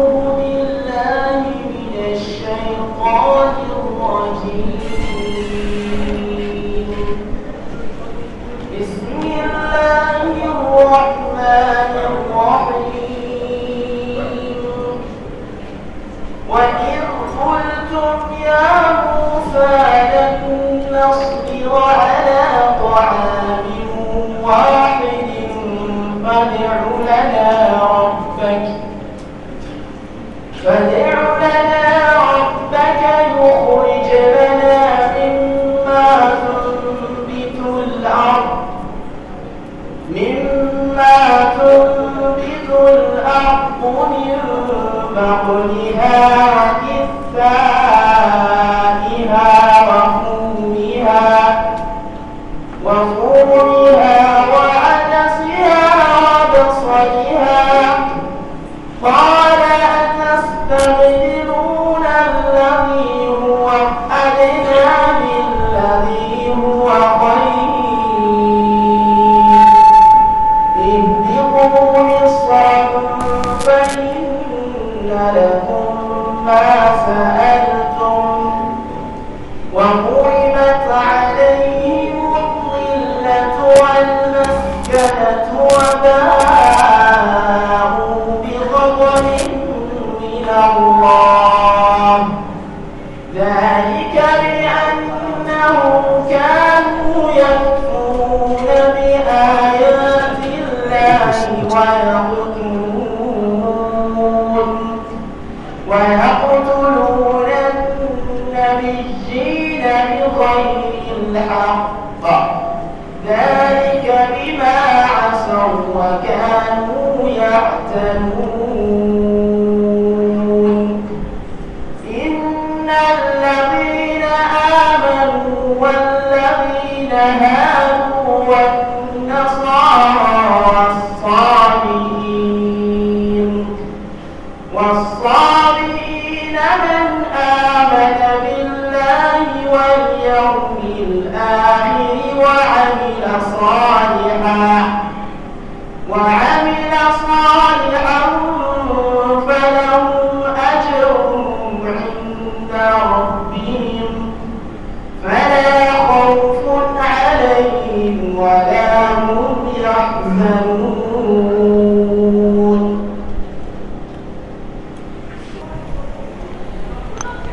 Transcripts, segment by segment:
you.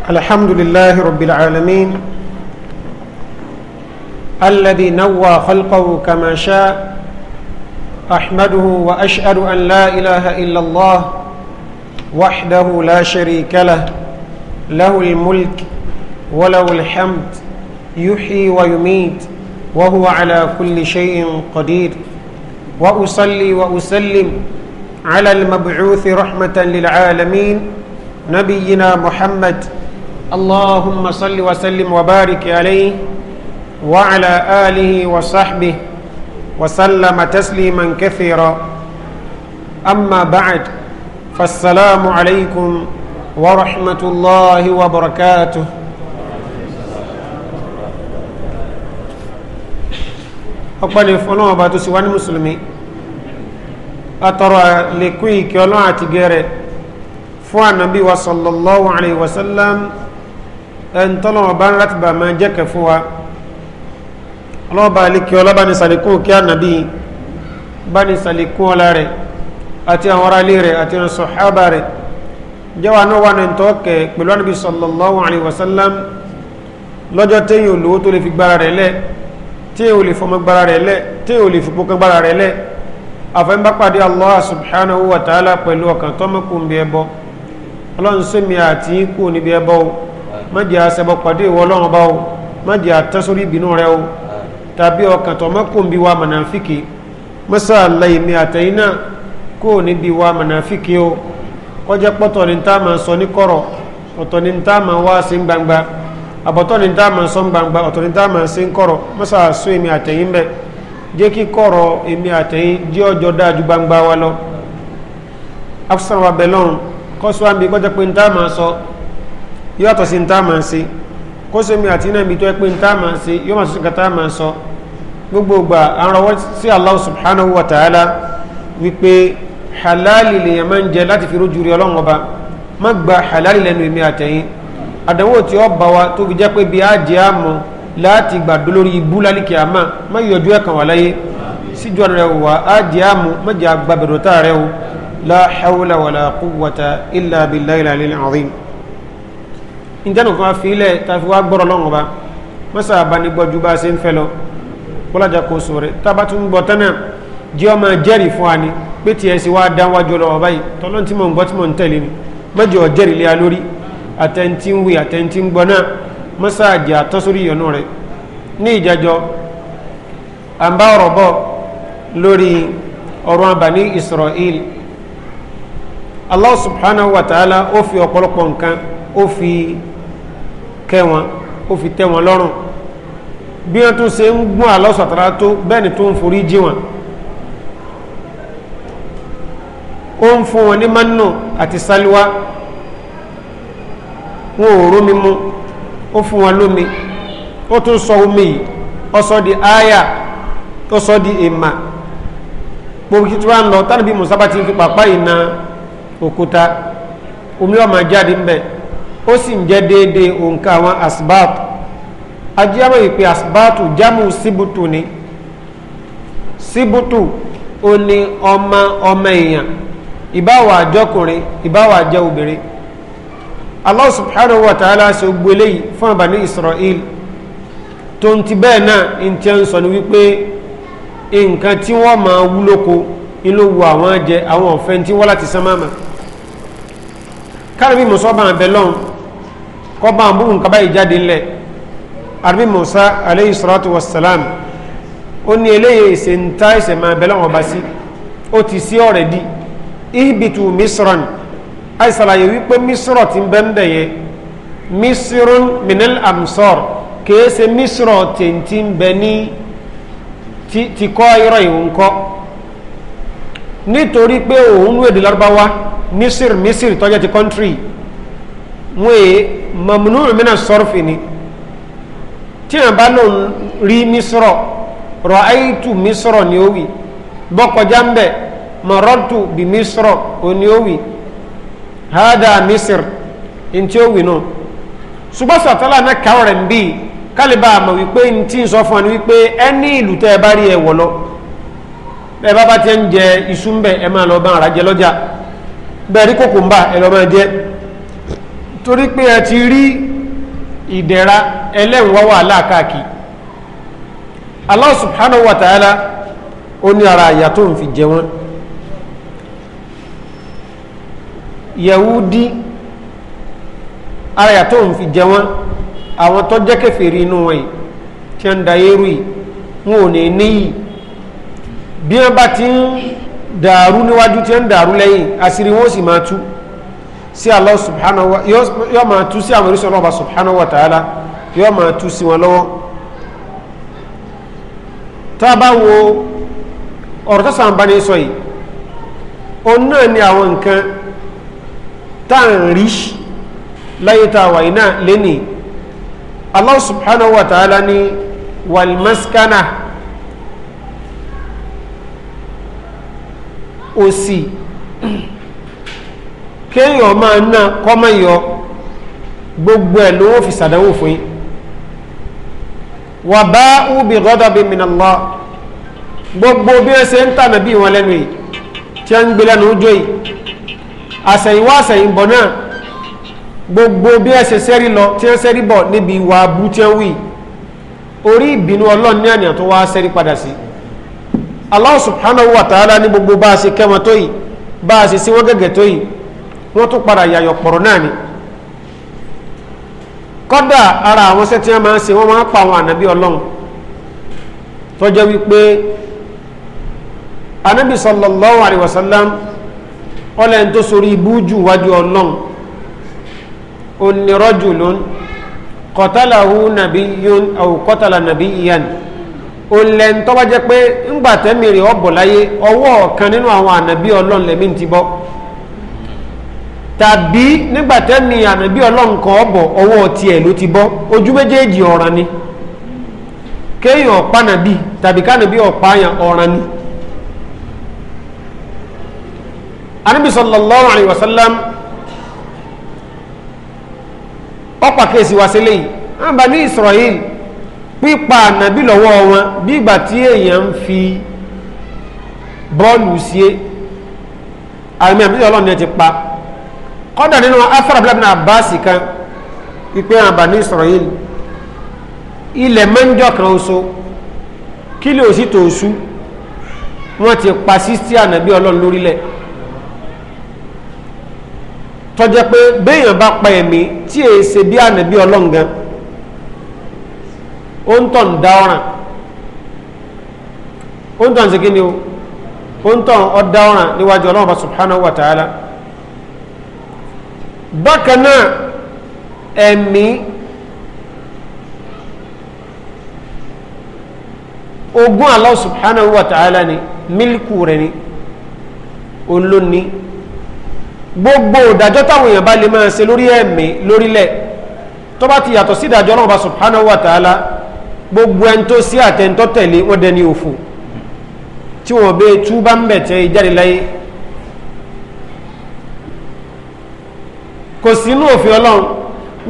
الحمد لله رب العالمين الذي نوى خلقه كما شاء أحمده وأشهد أن لا إله إلا الله وحده لا شريك له له الملك وله الحمد يحيي ويميت وهو على كل شيء قدير وأصلي وأسلم على المبعوث رحمة للعالمين نبينا محمد اللهم صل وسلم وبارك عليه وعلى آله وصحبه وسلم تسليما كثيرا أما بعد فالسلام عليكم ورحمة الله وبركاته ọpẹ́ni ọlọ́run ọba tó sì wá ní mùsùlùmí àtọrọ lè kún ìkẹ́ ọlọ́run àti gẹ́rẹ̀ fún ànábí wa sallallahu alaihi wasallam ẹni tọ́lọ́wọ́ bá ń láti bà máa jẹ́kẹ̀ fún wa ọlọ́ọ̀bá alékè ọlọ́bá ní sàlékún kí ànàbí bá ní sàlékún ọlá rẹ̀ àti àwọn ará ilé rẹ̀ àti àwọn sọ̀hábà rẹ̀ jẹ́wà náà wà ní tọ́ọ̀kẹ̀ pẹ̀lú ànàbí sallallahu alaihi wasallam lọ́jọ́ téyìn olówó tó lè fi gbára rẹ̀ lẹ̀ téyìn ò fọmọ gbára rẹ̀ lẹ̀ téyìn ò lè fi gbára rẹ̀ lẹ̀ àfẹ́mbá pàdé Allah subhanahu wa ta'ala pẹ̀lú ọkàn tọ́mọkùn bí ẹbọ ọlọ́run sẹ́mi àti ikú níbi ẹbọ o mọ́jẹ́ àṣẹbọ pàdé ìwọ ọlọ́run bá o mọ́jẹ́ àtẹ́sórí ìbínú rẹ o tàbí ọkàn tó mọ́kùnbí wa mọ̀nàfíkì mọ́sàlá ìmí àtẹ̀yìn náà kó o níbi wa mọ̀nàfíkì o kọjá pọ́tọ̀ ní tá a máa sọ ní kọ̀rọ̀ ọ̀tọ̀ ní tá a máa wá sí gbangba àbọ̀tọ̀ ní tá a máa sọ gbangba ọ̀tọ̀ ní tá a máa sí kọ̀rọ̀ mọ́sàlá sọ ìmí àtẹ̀yìn bẹ́ẹ̀ jẹ́ kí kọ̀rọ̀ èmi àtẹ̀yìn jẹ́ ọjọ́ dájú gbangba wa lọ afsan wa bẹ̀lọ́run kọ́sùwàmí kọjá pé ní tá a máa sọ yọ́tọ̀ sí ntá máa ṣe kó sómi àti iná ibi tó ẹ pé ntá máa ṣe yọ́ máa sọ́sọ́ kátá máa sọ gbogbo ìgbà àrànwọ́ sí Allah subhanahu wa ta'ala wípé halali lèèyàn máa ń jẹ láti fi rójú rí ọlọ́run ọba má gba halali lẹ́nu èmi àtẹ̀yìn àdánwò tí ó bá wa tó fi jẹ́ pé bí a jẹ́ àmọ́ láti gbàdó lórí ibú lálìkì àmà má yọjú ẹ̀kan wà láyé síjú ọ̀nà wà á jẹ́ àmọ́ má jẹ́ àgbàbẹ̀dọ̀tà rẹ̀ o la hawla wala quwwata illa billahi al ìjẹ́nu kan fi ilẹ̀ tàfi wá gbọ́rọ̀ lọ́wọ́ bá mọ́sá àbánigbọ́ ju bá a ṣe ń fẹ́ lọ kọ́lájà kò sùn rẹ̀ tábà tún gbọ́ tán náà jẹ́ ọmọ jẹ́rìí fún wa ni pé tiẹ̀ sì wá dá wájú lọ́wọ́ báyìí tọ́lọ́n tí mò ń gbọ́ tí mò ń tẹ̀lé ni mọ́jọ jẹ́rìí lé a lórí àtẹ̀ntì ń wí àtẹ̀ntì ń gbọ́ náà mọ́sá àjẹ́ àtọ́sórí ìyọnu rẹ̀ ní ìjẹjọ́ à ọ̀rọ̀ bọ̀ lórí ọ̀rọ̀ àbáni Israel Allah subhanahu wa ta'ala ó fi ọ̀pọ̀lọpọ̀ nǹkan ó fi kẹ́ wọn ó fi tẹ́ wọn lọ́rùn bí wọ́n tún ṣe ń gbọ́n àlọ́sọ̀tara tó bẹ́ẹ̀ ni tó ń forí jí wọn ó ń fún wọn ní mánú àti sálíwá wọn ò rómi mú ó fún wọn lómi ó tún sọ omi yìí ó di aya ó sọ di èèmà gbogbo tí wọ́n lọ tánàbí musaba ti fi pàpá ìna òkúta omi ọmọ jáde ń bẹ́ẹ̀ ó sì ń jẹ́ déédéé òǹkà àwọn asbáàtù ajíyàmọ̀ ìpè asbáàtù jámù síbùtù ni síbùtù ó ní ọmọ ọmọ èèyàn ìbáwà àjọkùnrin ìbáwà àjọ obìnrin Allah subhanahu wa ta'ala ṣe gbogbo eléyìí fún àbáni Israel tó ń ti bẹ́ẹ̀ náà ń tẹ́ ń sọ ni wípé nǹkan tí wọ́n máa wúlòkó inú wo àwọn jẹ àwọn ọ̀fẹ́ tí wọ́n láti sánmà mà kárìbí mùsọ́bà àbẹ̀lọ́hùn kọ́ bá ń bú nǹkan báyìí jáde ńlẹ̀ arabi musa aleyhi salatu wa salam ó ní eléyìí ṣe ń ta ẹsẹ̀ máa bẹ̀lẹ̀ wọn bá sí ó ti sí ọ̀rẹ́ di ibitu misran àìsàlàyé wípé misrọ̀ ti ń yẹ misrun minel amsor kìí ṣe tèntì bẹ ní ti kọ́ irọ́ ìhùn kọ́ nítorí pé òun ló lárúbáwá misir misir tó ti kọ́ńtírì wọn è mamunu mina sọrọfì ni tí wọn bá lóun rí misrọ rọ ayitu misrọ ni ó wì bọkọjá ń bẹ mọrọtù bí misrọ ó ní ó wì hada misir ntí ó wì nù ṣùgbọ́n sọ̀tọ́lá náà kàwé rẹ̀ ń bíi kálíbà àmọ̀ wípé ntí ń sọ fún ọ ni wípé ẹni ìlú tẹ́ ẹ bá rí ẹ wọ̀ lọ bẹ́ẹ̀ bá bá ti ń jẹ iṣu ẹ máa lọ bá ara jẹ lọ́jà bẹ́ẹ̀ rí kòkó ẹ lọ máa jẹ torí pé ẹ ti rí ìdẹ̀ra ẹlẹ́wọ̀n wà láàkáàkì Allah subhanahu wa ta'ala ó ní ara àyà tó ń fi jẹ wọ́n yẹ̀wúdí ara àyà tó ń fi jẹ wọ́n àwọn tó jẹ́ kèfèrí inú wọn tí wọ́n ń da eérú yìí wọn ò ní níyì bí wọ́n bá ti ń dàrú níwájú tí wọ́n ń dàrú lẹ́yìn àṣírí wọn sì máa tú sí Allah subhanahu wa yóò máa tú sí àwọn oríṣi ọlọ́ọ̀bá subhanahu wa ta'ala yóò máa tú sí wọn lọ́wọ́ tá a bá wo ọ̀rọ̀ tó sàn bá ní sọ yìí ni àwọn nǹkan tá à ń rí láyé tá a wa ta'ala ni wàlmáskánà òsì kéèyàn máa ná kọ́mọ yọ gbogbo ẹ̀ lówó fi sàdánwò fún yín wà bá ubi rọ́dọ̀ bí min Allah gbogbo bí wọ́n ṣe ń tànà bí wọn lẹ́nu yìí tí wọ́n ń gbé lẹ́nu ojú yìí àṣẹ̀yìnwá àṣẹ̀yìnbọ̀ náà gbogbo bí wọ́n ṣe sẹ́rí lọ tí wọ́n sẹ́rí bọ̀ níbi ìwà abú tí wọ́n wì orí ìbínú ọlọ́run ní àníyàn tó wá sẹ́rí padà sí Allah subhanahu wa ta'ala ní gbogbo bá a ṣe kẹ́wọn tó yìí bá a ṣe sí gẹ́gẹ́ tó yìí wọ́n tún padà yàyọ̀ pọ̀rọ̀ náà ni kọ́dà ara àwọn iṣẹ́ tí wọ́n máa ń ṣe wọ́n máa ń pa àwọn ànábì ọlọ́run tó jẹ́ wípé ànábì sallallahu alaihi wasallam ọlẹ́ni tó sorí ibú jù wájú ọlọ́run inni rajulun qatalahu nabiyyun aw qatala nabiyyan olè ń tọ́wọ́ jẹ́ pé ńgbà tẹ́mìrì ọ̀bọ̀ ọwọ́ ọ̀kan nínú àwọn ànábì ọlọ́run lẹ́mí ti bọ́ tàbí nígbàtẹ́ni ànábí ọlọ́nkan ọ̀bọ̀ ọwọ́ tiẹ̀ ló ti bọ́ ojú méjèèjì ọ̀ràn ni kéèyàn ọ̀pá nàbí tàbí kánàbí ọ̀pá yàn ọ̀ràn ni anábì sallallahu alayhi wa sallam ọ̀pá kéèsì wá sílẹ̀ yìí wọ́n bá ní Israel pípa ànábì lọ́wọ́ wọn bí ìgbà tí èèyàn ń fi bọ́ọ̀lù sí àmì àmì ọlọ́run ni ẹ ti pa kọ́dà nínú afẹ́rẹ́ abúlé náà báàsì kan ìpé àbáni Israel ilẹ̀ mẹ́njọ́ kan oṣù kí lè òsì tó oṣù wọ́n ti pa sísí ànàbí ọlọ́run lórílẹ̀ tọ́jẹ́ pé béèyàn bá pa ẹ̀mí tí èyí ṣe bí ànàbí ọlọ́run gan ó ń tọ̀ ń da ọ̀ràn ó ń tọ̀ ń ṣe ni o ó ń tọ̀ ń ọ̀dá ọ̀ràn níwájú ọlọ́run bá subhanahu wa ta'ala bákan náà ẹ̀mí ogún Allah subhanahu wa ta'ala ni mílíkù rẹ̀ ni olóni gbogbo ìdájọ́ táwọn èèyàn bá lè máa ṣe lórí ẹ̀mí lórílẹ̀ tó bá ti yàtọ̀ sí ìdájọ́ náà bá subhanahu wa ta'ala gbogbo ẹni tó sí àtẹ̀ntọ́ tẹ̀lé wọ́n dẹni òfò tí wọ́n bẹ túbá ń bẹ̀ ìjáde láyé kò sínú òfin ọlọ́run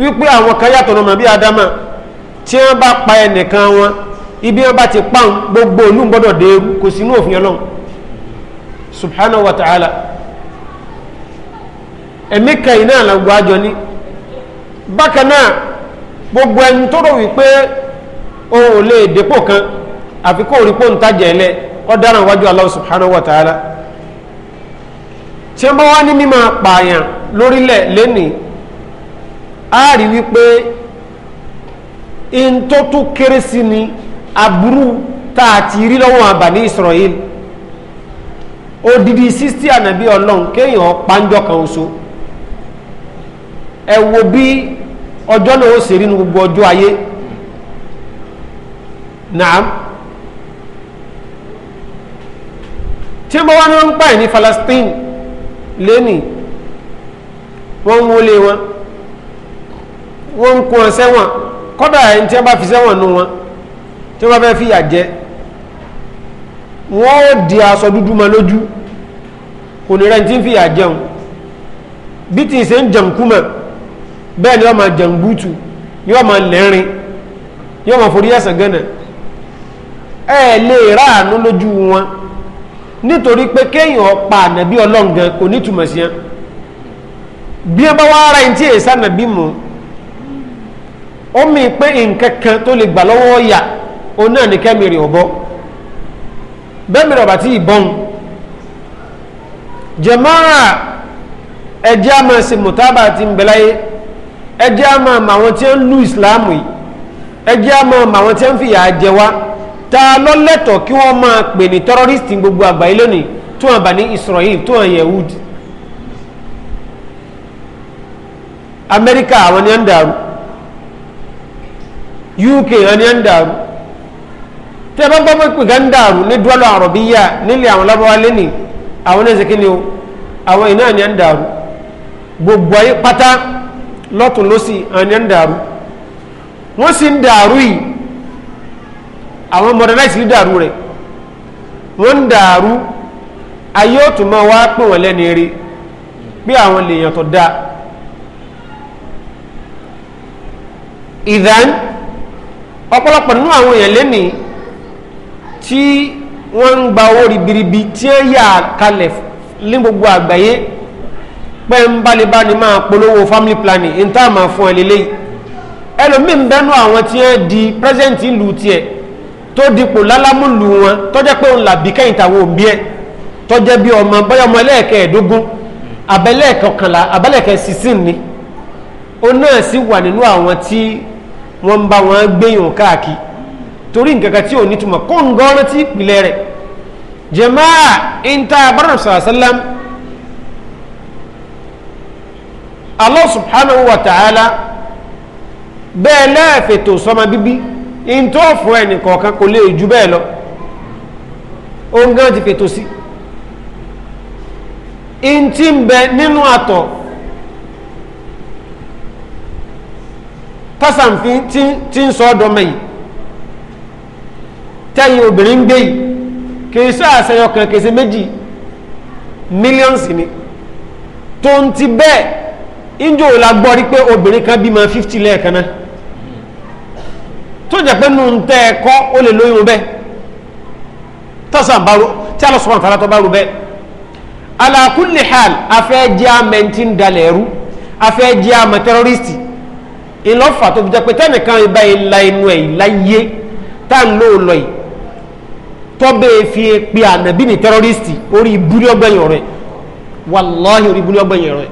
wípé àwọn ọmọ bí adama tí wọ́n bá pa ẹnìkan wọn ibi wọn bá ti pàun gbogbo olú gbọ́dọ̀ dé eru kò sínú òfin ọlọ́run subhanahu wa ta'ala ẹ̀mí kẹyìn náà àjọ ní bákan gbogbo ẹni tó wípé kan wájú subhanahu wa ṣé bọ́ wá ní mímọ̀ pààyàn lórílẹ̀ lẹ́nìí a rí wípé in tó tún kéré sí ni aburú tá rí lọ́wọ́ àbàní Israel odidi sixty ànàbí ọlọ́run kéèyàn pàǹjọ kan oṣù ẹ wo bí ọjọ́ náà ó ṣe rí nu gbogbo ọjọ́ ayé naam tí wọ́n wá ní wọ́n ń pààyàn ní Palestine lẹ́nì wọ́n ń wọlé wọn wọ́n ń kún ọ sẹ́wọ̀n kọ́dà ẹni tí wọ́n bá fi sẹ́wọ̀n nu wọn tí wọ́n bá fẹ́ fìyà jẹ wọ́n ó di aṣọ dúdú mọ́ lójú kò ní rẹ̀ ń tí ń fìyà jẹun bí tí ṣe ń jẹun kúmọ̀ bẹ́ẹ̀ ni wọ́n máa jẹun bútu yóò máa lẹ́rin yóò máa forí ẹ̀sán gánà ẹ̀ lè ráàánú lójú wọn nítorí pé kéèyàn pa ànàbí ọlọ́run gan kò ní túmọ̀ sí yẹn bí ẹ bá wá ara ẹni tí èyí sànàbí mu ó mi pé nǹkan kan tó lè gbà lọ́wọ́ yà òun náà ní kẹ́mìrì ọ̀bọ bẹ́ẹ̀ mìíràn bàtí ìbọn jẹ̀máà ẹjẹ́ a máa mùtábà àti mbẹ́láyé ẹjẹ́ a máa àwọn tí ń lu ìsìláàmù yìí ẹjẹ́ a àwọn tí ń fìyà jẹ wá ta ló lẹ́tọ̀ọ́ kí wọ́n máa pè ní terrorist gbogbo àgbáyé lónìí tó wọn bá ní Israel tó wọn Yehud Amẹ́ríkà àwọn ni à ń dàrú UK àwọn ni à ń dàrú tí a bá gbọ́ pé gà ń dàrú ní dúọ́lọ́ àrọ̀bíyà nílẹ̀ àwọn lábọ́wá lẹ́nì àwọn ní ẹ̀sìnkí ni o àwọn iná ni à ń dàrú gbogbo ayé pátá lọ́tún lọ́sì àwọn ni à ń dàrú wọ́n sì ń dàrú yìí àwọn modernize dàrú rẹ̀ wọ́n ń dàrú ayé ò tún máa wá pè wọ́n lẹ́ni rí bí àwọn lèèyàn tó dáa ìdán ọ̀pọ̀lọpọ̀ nínú àwọn èèyàn lẹ́ni tí wọ́n ń gba owó ribiribi tí ó yà kalẹ̀ ní gbogbo àgbáyé pẹ́ńbálibá ni máa polówó family planning ní tá fún ẹ lélẹ́yìí ẹlòmíín bẹ́nu àwọn tí ó di president ìlú tiẹ̀ tó dipò lálámùlù wọn tọ́jẹ́ pé òun làbí kẹ́yìn tàwọn òbí ẹ̀ tọ́jẹ́ bí ọmọ bóyá ọmọ ẹlẹ́ẹ̀kẹ́ ẹ̀dógún abẹ́lẹ́ẹ̀kọkànlá abẹ́lẹ́ẹ̀kẹ́ sísìn ni ó náà sì wà nínú àwọn tí wọ́n ń bá wọn gbéyàn káàkiri torí nǹkan kan tí ò ní kó ń gọ́ọ́rọ́ tí ìpìlẹ̀ rẹ̀ jẹ̀máà ìntà abáràn sàlám Allah subhanahu wa ta'ala bẹ́ẹ̀ lẹ́ẹ̀fẹ̀tò sọmọ bíbí in tó fún ẹnì kọ̀ọ̀kan kò lè ju bẹ́ẹ̀ lọ òun gan ti fètò sí in tí ń bẹ nínú àtọ̀ tásàmfin tí ń sọ ọdọmọ yìí tẹ́yìn obìnrin ń gbé yìí kìí sọ àṣeyọ kìí ṣe méjì mílíọ̀nsì ni tó ń ti bẹ́ẹ̀ injò la gbọ́ rí pé obìnrin kan bímọ fifty lẹ́ẹ̀kan náà tó jẹ́ pé nùn tẹ́ ẹ kọ́ ó lè lóyún bẹ́ẹ̀ tọ́sán bá ro tí Allah subhanahu wa ta'ala tó bá ro bẹ́ẹ̀ ala kulli hal afẹ́ jẹ́ amẹ́ntì ń dalẹ̀ ẹ̀rú afẹ́ jẹ́ amẹ́ tẹ́rọ́rìsì ìlọ́fà tó fi pé tẹ́nìkan ibà ìlà inú ẹ̀ láyé tá à lò lọ yìí tọ́bẹ̀ fi pe ànàbí ní tẹ́rọ́rìsì orí ibúlé ọgbẹ̀yìn ọ̀rẹ́ wàláhì orí ibúlé ọgbẹ̀yìn ọ̀rẹ́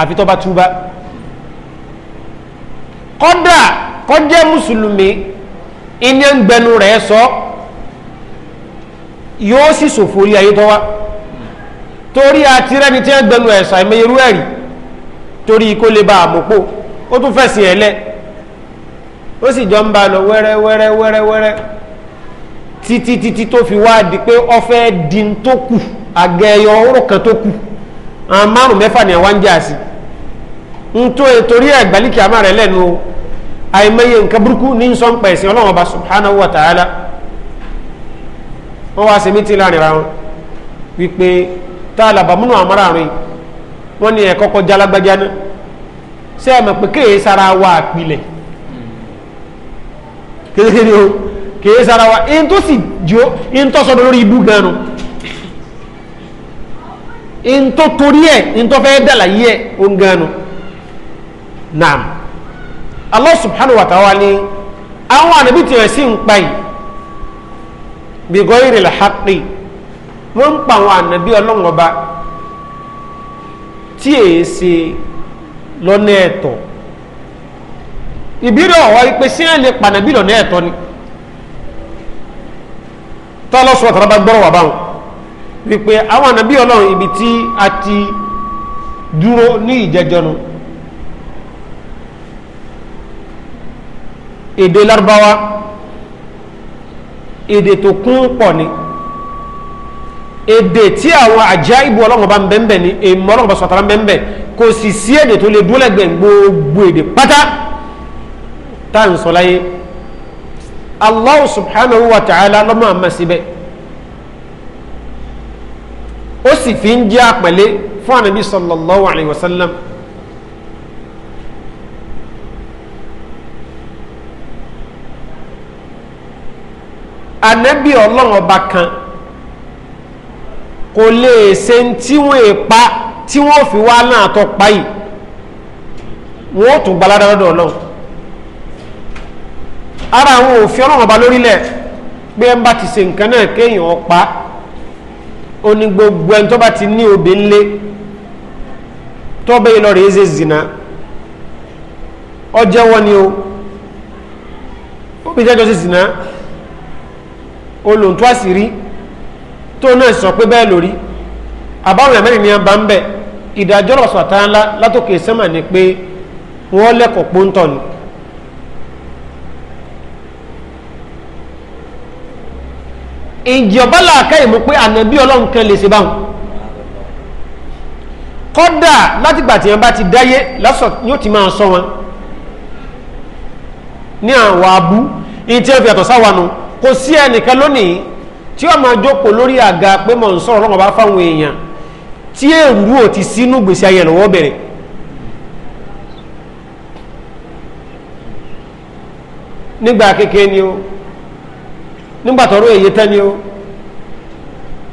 àfi bá túbá kọ́dà kọjẹ́ mùsùlùmí iná ń gbẹnu rẹ̀ sọ yóò sì ṣòfò orí ayé tó wá torí àti rẹni tí ń gbẹnu ẹ̀sà ìmẹ̀yẹrú ẹ̀rí torí kó lè ba àmọ́pò ó tún fẹ̀sìn ẹ̀lẹ́ ó sì jọ ń ba lọ wẹ́rẹ́ wẹ́rẹ́ wẹ́rẹ́ wẹ́rẹ́ títí títí tó fi wá di pé ọfẹ́ di tó kù àgẹyọ ọ̀rọ̀ kan tó kù àwọn márùn ni àwọn ń jà sí n tó torí ẹ̀gbálíkì àmà rẹ̀ lẹ́nu àìmọye nǹkan burúkú ní sọ ń pẹ̀ sí ọlọ́run ọba subhanahu wa ta'ala wọ́n wá sí mítí láàrin ra wọn wípé tá a làbà múnú àmọ́ra àrùn wọ́n ní ẹ̀kọ́ kọjá lágbájá náà ṣé pé kéè sara wa àpilẹ̀ kékeré o kéè sara wa ẹni tó sì jó ẹni tó sọdọ lórí ibú gan nu ẹni tó torí ẹ ẹni tó fẹ́ dàlàyé ẹ ó ń gan nu naam. Allah subhanahu wa ta'ala ni àwọn ànábì tí wọ́n sì ń pa yìí bí gọ́yìrì làákì wọ́n ń pa àwọn ànábì ọlọ́wọ́n ba tí èé ṣe lọ́nà ẹ̀tọ́ ìbírí ọ̀wọ́ ipe sí ẹ̀ lè pànàbí lọ́nà ẹ̀tọ́ ni tọ́lọ́ sọ tọ́lọ́ bá gbọ́rọ̀ wà báwọn wípé àwọn ànábì ọlọ́run ibi tí a ti dúró ní ìjẹjọ́nu. èdè lárúbáwá èdè tó kún pọ̀ ni èdè tí àwọn àjá ìbò ọlọ́run bá ń bẹ́ẹ̀ ni èmọ́ ọlọ́run bá sọ̀tara ń bẹ́ẹ̀ kò sì sí èdè tó lè dúlẹ̀gbẹ̀ gbogbo èdè pátá tá à ń sọ láyé Allah subhanahu wa ta'ala lọ́mọ ma síbẹ̀ ó sì fi ń jẹ́ àpẹ̀lẹ́ fún ànábì sallallahu alayhi wa sallam. anabi ọlọ́run ọba kan kò lè ṣe tí wọ́n èpa tí wọ́n fi wá náà tọ́ pa yìí wọ́n tún lọ́dọ̀ ọlọ́run ara àwọn òfin ọlọ́run ọba lórílẹ̀ pé ẹ bá ti ṣe nǹkan náà kéèyàn ọpa ó gbogbo ẹni tó bá ti ní obì ńlé tó olóńtó àṣírí tó náà sọ pé bẹ́ẹ̀ lórí àbáwọn ẹ̀mẹ́rin ni a bá ń bẹ̀ ìdájọ́ lọ́sọ̀ àtàlá látòkè sẹ́mà ni pé wọ́n lẹ́kọ̀ọ́ pọ́ńtọ̀ ni. ìjọba làákà ìmú pé ànàbí ọlọ́run kan lè ṣe báwọn kọ́dà látìgbà tí wọ́n bá ti dáyé lásọ̀ yóò ti máa sọ wọn ní àwọn abú ìyẹn tí wọ́n fi àtọ̀ nù. No kò sí ẹnìkan lónìí tí ó máa jókòó lórí àga pé mọ̀ ń sọ̀rọ̀ lọ́wọ́ bá fáwọn èèyàn tí èrú ò ti sínú gbèsè ayé bẹ̀rẹ̀ nígbà kékeré ni o nígbà tọrọ èyí tẹ́ ni o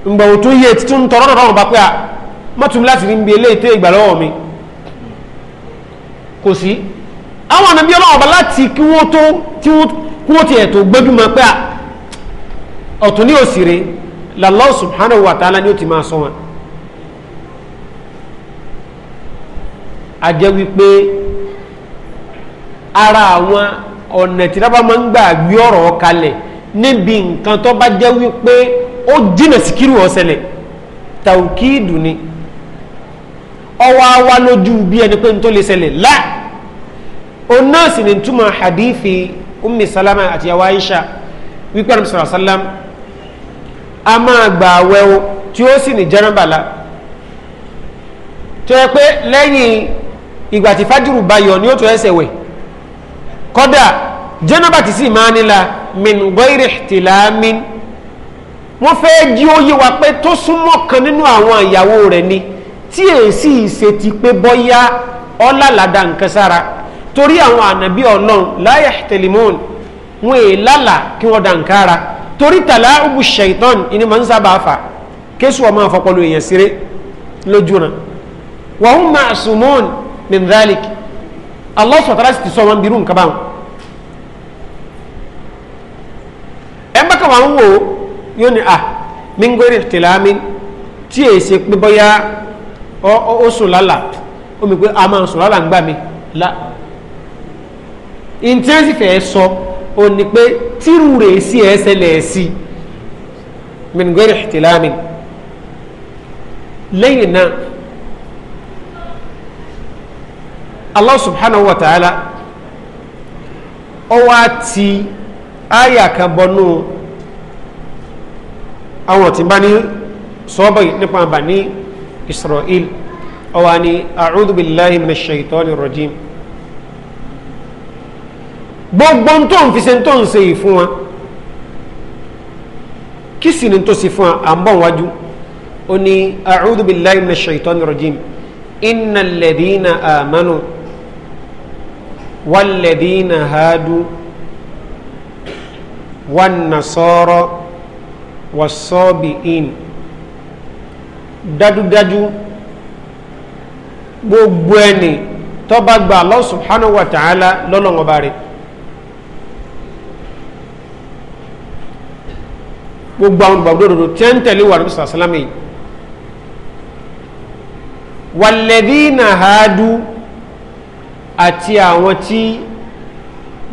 ǹgbà òtún yé tọrọ náà lọ́wọ́ bá pé a mọ́tún láti rí eléyìí tó ìgbà lọ́wọ́ mi kò sí àwọn ọlọ́wọ́ bá láti kí wọ́n a. ọ̀tún ní òsìrè lálọ́ subhanahu wa ta'ala ni ó ti máa sọ wọn a jẹ́ wípé ara àwọn ọ̀nà tí rábà máa ń gbà gbé ọ̀rọ̀ kalẹ̀ níbi nǹkan tó bá jẹ́ wípé ó jìnà sí kírù ọ̀sẹ̀lẹ̀ tàùkìdù ni ọwọ́ awa lójú bí ẹni pé n tó lè ṣẹlẹ̀ láà òun náà sì ní túmọ̀ hadithi ummi salama àti yawa aisha wípé àrùn a máa gbà àwẹ̀ o tí ó sì ní jẹ́rẹ́mbàlá tó yẹ pé lẹ́yìn ìgbà tí fájìrù bá yọ ni ó tó ẹsẹ̀ wẹ̀ kọ́dà jẹ́nàbà tí sì máa nílà min ghairi ihtilamin wọ́n fẹ́ jí ó yé wa pé tó súnmọ́ kan nínú àwọn ìyàwó rẹ̀ ni tí èsì ìṣe ti pé bọ́yá ọlálàdà nǹkan sára torí àwọn ànàbí ọlọ́run la yahtalimon wọn èè lálà kí wọ́n dà nǹkan ara torí tàlá ọ̀bù ṣẹ̀tọ́n ìní ma ń sábà fà kéṣù ọmọ àfọpọlù èèyàn síré lójú náà wọ́n ń máa sùmọ́ọ̀n min dhalik Allah sọ̀tara sì ti sọ wọn bírú nǹkan báwọn ẹ bá kàwọn ń wò ó yóò ní à mí ń tìlámi tí èyí ṣe pé bọ́yá ó sùn lálà ó pé a máa sùn lálà ń gbà mí la ìntẹ́sì fẹ́ sọ. So ó ní pé tírù rẹ̀ sí ẹ̀ ṣẹlẹ̀ sí min ghairi ihtilamin lẹ́yìn náà Allah subhanahu wa ta'ala ó wá ti àyà kan bọnú àwọn tí bá ní sọ́bọ̀ nípa bani Israel ó wá ní a'udhu billahi minash gbogbo ń tó ń fi ṣe ń tó ń ṣe yìí fún wa kí sì ni tó ṣe fún wa à ń bọ̀ wájú ó ní a'udhu billahi minash shaitani rajim innal ladhina amanu wal ladhina hadu wan nasara was sabi'in dájúdájú gbogbo ẹni tó bá gba Allah subhanahu wa ta'ala rẹ̀ gbogbo àwọn bàbá òdodo tí ń tẹ̀lé wàrúbí sàlámì walladhina hadu àti àwọn tí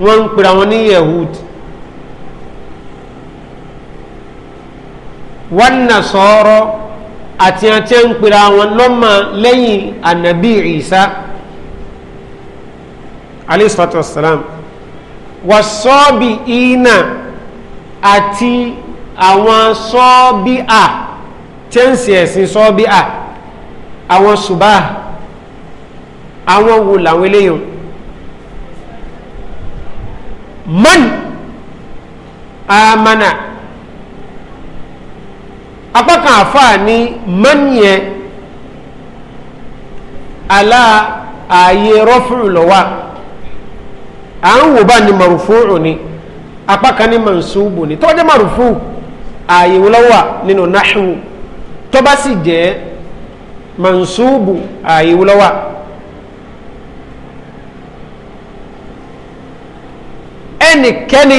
wọ́n ń pera wọn ní yehud wan nasara àti àwọn ń pera wọn lọ́mọ lẹ́yìn ànàbí Ìsá alayhi salatu wassalam wasọ́ọ̀bì ìnà àti àwọn sọ́ọ́bíà tẹ́ǹsì ẹ̀sìn sọ́ọ́bíà àwọn ṣùbá àwọn wo làwọn eléyìn man amana apá kan àfáà ní man yẹn alá ààyè rọ́fùrù lọ́wọ́ à ń wò bá ní marufu ni apá kan ní mansubu ni tọ́jú marufu ààyè wo lọ́wọ́ nínú nahwu tó bá sì jẹ́ mansubu ààyè wo lọ́wọ́ ẹnikẹ́ni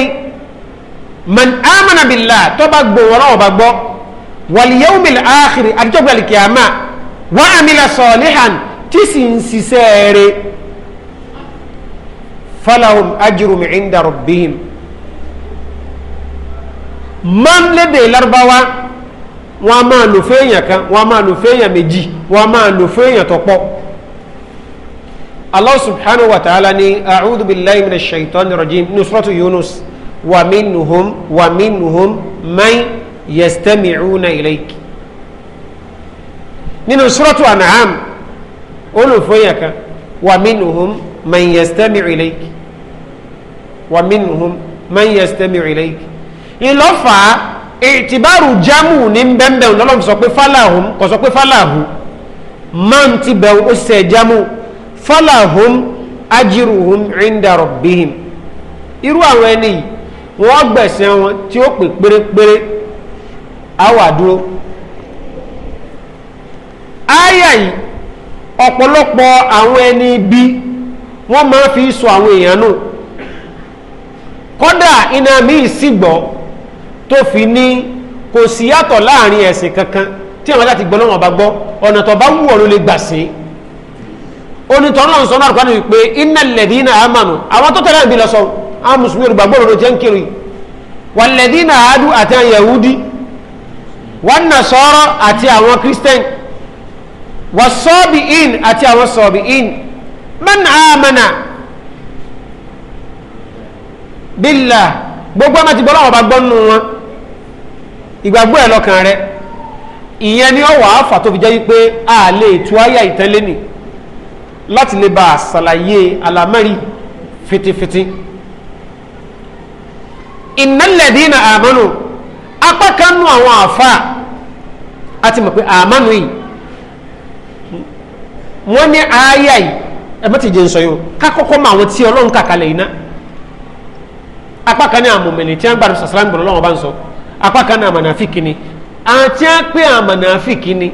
man amana billah tó bá gbòòrò ọba gbọ́ wal yawmil akhir àdìjọ́gbà lìkìyàmá wa amila salihan tí sì ń ṣiṣẹ́ rẹ̀ falahum ajrum inda rabbihim man lédè lárúbáwá wọn a máa lò fẹ́yàn kan wọn a máa lò fẹ́yàn méjì wọn a máa lò fẹ́yàn tọ́pọ̀ allah subhanahu wa ta'ala ni a'udhu billahi minash shaitanir rajim nusratu yunus wa minhum wa minhum man yastami'una ilayk nínú suratu an'am olùfẹ́yàn kan wa minhum man yastami'u ilayk wa minhum man yastami'u ilayk ìlọ́fà ìtìbárù jámù ní bẹ́ẹ̀bẹ́ẹ̀ lọ́lọ́m sọ pé fáláhùn kò sọ pé fáláhùn máa ti bẹ̀rù ó sẹ̀ jámù fáláhùn ajiruhum inda rabbihim irú àwọn ẹni wọ́n gbẹ̀sẹ̀ wọn tí ó pè pérépéré àwàdúró áyà yìí ọ̀pọ̀lọpọ̀ àwọn ẹni bí wọ́n máa fi sọ àwọn èèyàn nù kódà iná míì sì gbọ́ tó fi ní kò sí yàtọ̀ láàrin ẹ̀sìn kankan tí àwọn láti gbọ́ lọ́wọ́ bá gbọ́ ọ̀nà tó bá wù ọ́ ló lè gbà sí onítọ̀ọ́ náà sọ náà rẹ̀ wípé innal ladina amanu àwọn tó tẹ̀lé ìbílẹ̀ sọ àwọn mùsùlùmí olùgbàgbọ́ òdodo jẹ́ ń kiri wal ladina àádú àti àwọn yahudi wan nasara àti àwọn christian was-sabi'in àti àwọn sabi'in man amana billah gbogbo ọmọ ti gbọ́ lọ́wọ́ bá gbọ́ nù wọn ìgbàgbọ́ ẹ̀ lọ́kàn rẹ ìyẹn ni ó wà á fà tó fi jẹ́ wípé a lè tú àyà ìtẹ́lẹ̀ nì láti lè ba àṣàlàyé àlámẹ́rì fitifiti ìnálẹ̀dínà àmọ́nù apá kan nú àwọn àfa àti mọ̀ pé àmọ́nù yìí wọ́n ní àyà yìí ẹ̀mọ́ ti jẹ́ ń sọ yìí mọ àwọn tí ọlọ́run kàkàlẹ̀ yìí ná apá kan ní àmọ̀mẹ́lẹ̀ tí wọ́n gbàdúrà sàlámù bọ̀lọ́wọ́n bá ń sọ apá kan náà mọ̀nàfíkì ni àti á pé àmọ̀nàfíkì ni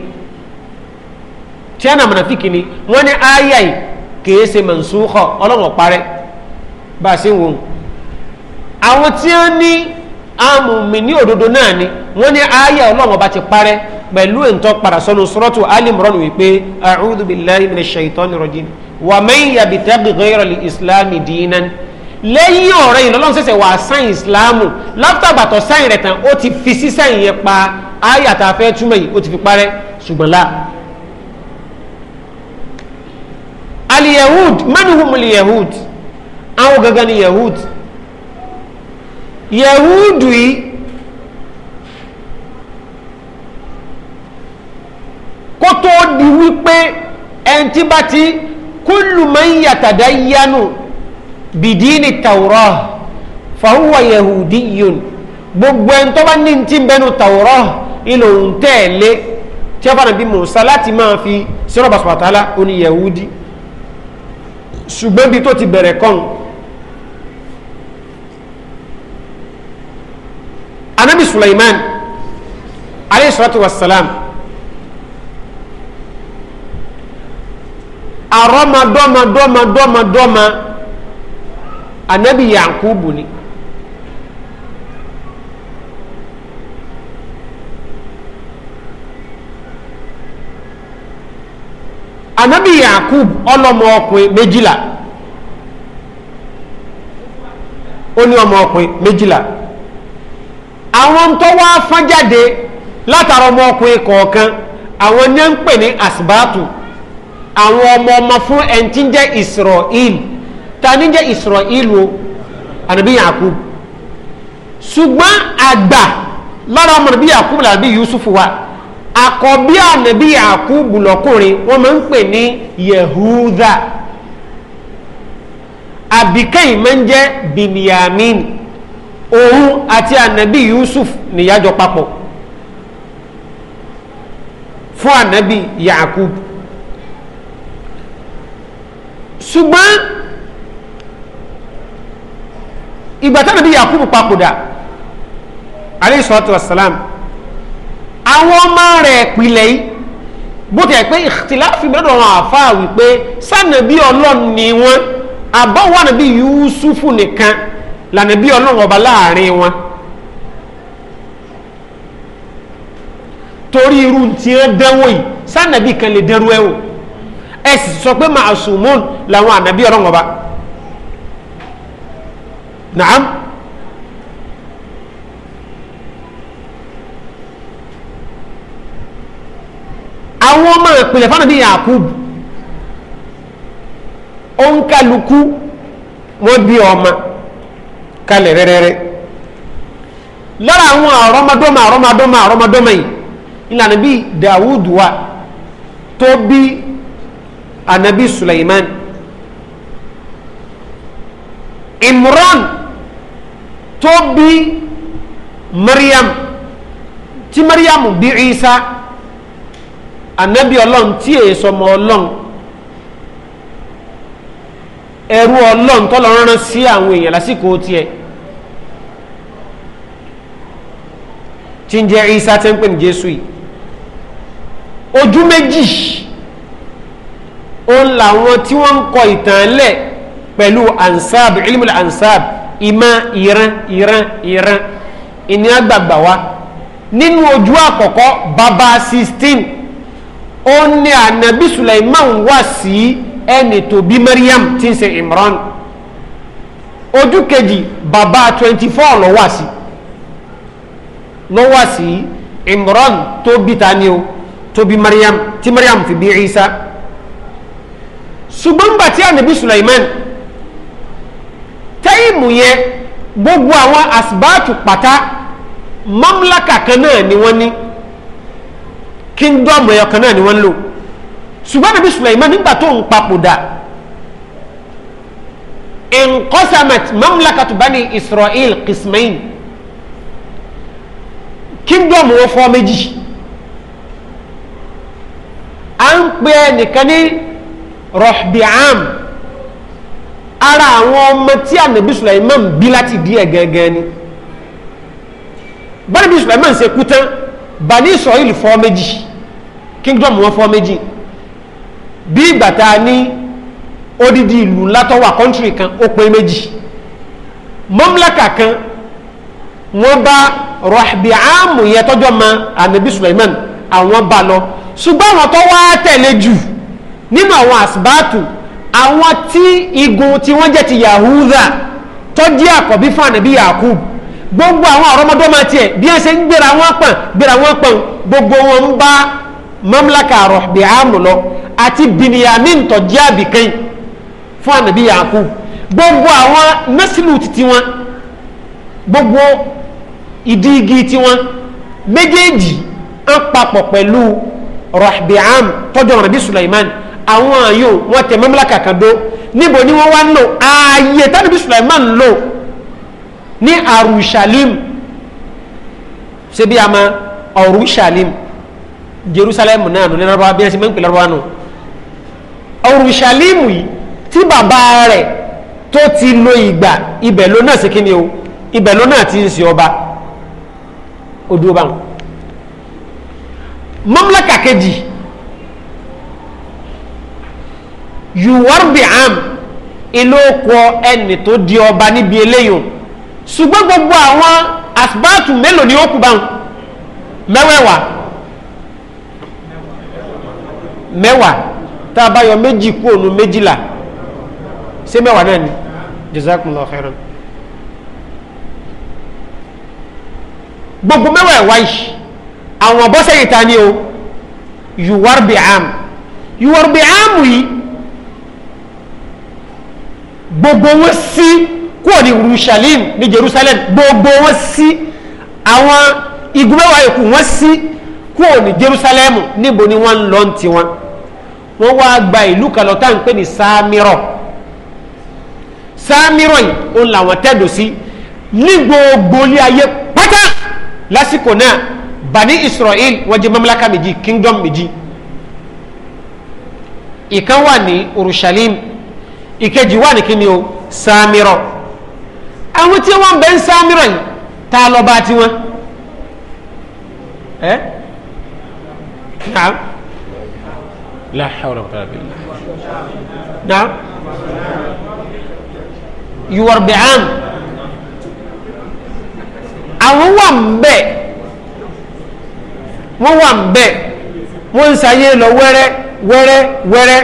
tí á nà mọ̀nàfíkì ni wọ́n ní áyà yìí kìí ṣe mọ̀nsúkọ̀ ọlọ́wọ̀n parẹ́ bá a ṣe ń wò ó àwọn tí á ní amòmí ní òdodo náà ni wọ́n ní áyà ọlọ́wọ̀n bá ti parẹ́ pẹ̀lú ìtọ́ padà sọ́rọ́tù alimran wípé a'udhu billahi minash shaitani rajim wa man yabtaghi ghayra al-islami dinan lẹ́yìn ọ̀rẹ́ yìí lọ́lọ́run ṣẹ̀ṣẹ̀ wà sáyìn ìsìláàmù látàgbàtọ̀ sáyìn rẹ̀ tán ó ti fi sí sáyìn yẹn pa ayàtà afẹ́ túmọ̀ yìí ó ti fi parẹ́ ṣùgbọ́n la. aliyahud manuhumuli yahud àwọn gangan ni yahud yahudu yìí kó tó di wípé ẹni tí bá ti kúlùmọ̀ yàtàdá yánu bidini tawrah fahuwa yahudiyun gbogbo ẹni tó bá ní ti ń bẹnu tawrah ilò ń tẹ̀lé tí a bá nàbí musa láti máa fi sọ́rọ̀bà sọ̀tàlá oní yahudi ṣùgbọ́n bí tó ti bẹ̀rẹ̀ kàn anabi suleiman alayhi salatu wassalam arọ́madọ́madọ́madọ́madọ́ma anabi yankubu ni anabi méjìlá ọmọ méjìlá àwọn tó wá fọ́njáde látara ọmọ ọkùnrin kọ̀ọ̀kan àwọn ní ń pè asibatu àwọn ọmọ ọmọ fún israel tani jẹ́ Isra'ilu anabi Yakub ṣùgbọ́n àgbà lára ọmọ anabi Yakub làbí Yusuf wa àkọ́bí anabi Yakub lọ́kùnrin wọ́n máa ń pè ní Yehuda àbíkẹ́yìn máa ń jẹ́ Binyamin òun àti anabi Yusuf níyàjọ papọ̀ fún anabi Yakub ṣùgbọ́n ìgbà tánàbí yakubu papòdà alayhi salatu wassalam àwọn ọmọ rẹ̀ pìlẹ̀ yìí bó ti ẹ̀ pé ìtìláfi gbọ́dọ̀ wọn àfa wípé sànàbí ọlọ́run ni wọn àbọ̀wọ́ nàbí yusufu nìkan lànàbí ọlọ́run ọba láàrin wọn. torí irú tí ẹ dẹ́wọ́ yìí sànàbí kan lè dẹ́rú ẹ̀ wò ẹ sì sọ pé màásùmọ́n làwọn ànàbí ọlọ́run ọba. نعم، àwọn ọmọ ìpìlẹ̀ fánàbí yakub ònkálukú wọ́n bí ọmọ kalẹ̀ rẹ́rẹ́rẹ́ lára àwọn àrọ́mọdọ́mọ àrọ́mọdọ́mọ àrọ́mọdọ́mọ yìí ìlànà bí dawud wa tó bí anabi suleiman imran tó bí Maryam tí Maryam bí Isa anabi Ọlọ́run tí èyí sọmọ Ọlọ́run ẹrú Ọlọ́run tọlọ rán sí àwọn èèyàn lásìkò tiẹ̀ tí ń jẹ́ Isa tí ń pè ní Jésù yìí ojú méjì òun làwọn tí wọ́n ń kọ ìtàn ansab ilmul ansab ìmọ̀ ìran ìran ìran ìnira gbàgbà wa nínú ojú àkọ́kọ́ bàbá sixteen ó ní ànábì Sulaiman wà sí ẹni tó bí Mariam tí ń ṣe Imran ojú kejì bàbá twenty four ló wà sí ló wà sí Imran tó bí tani o tó bí Mariam tí Mariam fi bí Isa ṣùgbọ́n gbàtí ànábì Sulaiman tẹ́ìmù yẹn gbogbo àwọn asibáàtù pátá mamlaka kan náà ni wọ́n ní kíndọ́ọ̀mù ẹ̀yọ kan náà ni wọ́n ń lò ṣùgbọ́n nàbí Sulaiman nígbà tó ń papòdà inqasamat mamlakatu bani Israel qismain kíndọ́ọ̀mù wọn fọ́ méjì à ń pè ẹnìkan ní rọ̀bìàm ara àwọn ọmọ tí ànábì Sulaiman bí láti di ẹ̀ gẹ́gẹ́ ni bánabi Sulaiman ṣe kú tán Bani Israel fọ́ méjì kingdom wọn fọ́ méjì bí ìgbà tá a ní odidi ìlú ńlá tó wà kọ́ńtìrì kan ó pé méjì mọ́mlákà kan wọ́n bá rọ̀bìáàmù yẹn tọ́jọ́ ma ànábì Sulaiman àwọn bá lọ ṣùgbọ́n àwọn tó wá tẹ̀lé jù nínú àwọn àsìbáàtù àwọn tí igun tí wọ́n jẹ́ ti yahuda tó jẹ́ àkọ́bí fún ànábì yakub gbogbo àwọn àrọ́mọdọ́mọ tiẹ̀ bí wọ́n ṣe ń gbéra wọn pọ̀n gbéra wọn pọ̀n gbogbo wọn ń bá mamlaka rọ̀bìámù lọ àti bìnìyàmín tó jẹ́ àbìkẹ́yìn fún ànábì gbogbo àwọn nẹ́sìlù titi wọn gbogbo ìdí igi tiwọn méjèèjì ń papọ̀ pẹ̀lú rọ̀bìámù tọ́jú ọ̀rọ̀bí suleiman àwọn àyùn wọn tẹ mẹ́mílàkà kan dó níbo ni wọ́n wá ń lò ààyè tánibí Sulaiman lò ní Arushalim ṣe bí a ma Arushalim Jerusalem náà nù ní lọ́wọ́ bí wọ́n ṣe máa ń pè lọ́wọ́ nù Arushalim yìí tí bàbá rẹ̀ tó ti lo ìgbà ibẹ̀ ló náà sí kí ni o ibẹ̀ ló náà ti ń sin ọba odúbà wọn mọ́mílàkà kejì yuwarbiam ilé okò ẹni tó di ọba níbi eléyìí ṣùgbọ́n gbogbo àwọn asibáàtù mélòó ni ó kú báwọn mẹ́wẹ̀ẹ̀wá mẹ́wàá tá a bá yọ méjì kú òun méjìlá ṣé mẹ́wàá náà ni jazakumullahu khairan gbogbo mẹ́wẹ̀ẹ̀wá e yìí àwọn bọ́sẹ̀ yìí ta ni o yuwarbiam yuwarbiam yìí gbogbo wọn sí kúrò ní Jerusalem ní Jerusalem gbogbo wọn sí àwọn igun mẹ́wàá ikú wọn sí kúrò ní Jerusalem níbo ni wọ́n ń lọ ti wọn wọ́n wá gba ìlú kan lọ tá à ń pè ní sáàmìrọ̀ sáàmìrọ̀ yìí òun làwọn tẹ́dọ̀ sí ní gbogbo ilé ayé pátá lásìkò náà bani Israel wọ́n jẹ́ mamlaka méjì kingdom méjì ìkan wà ní Jerusalem ìkejì wà ní kíni o sàmìrọ àwọn tí wọn bẹ ń sàmìrọ yìí tá a lọ bá tiwọn ẹ naam la hawla wa la billah naam yuwarbi'an àwọn wà ń bẹ wọn wà ń bẹ wọn ń sayé lọ wẹrẹ wẹrẹ wẹrẹ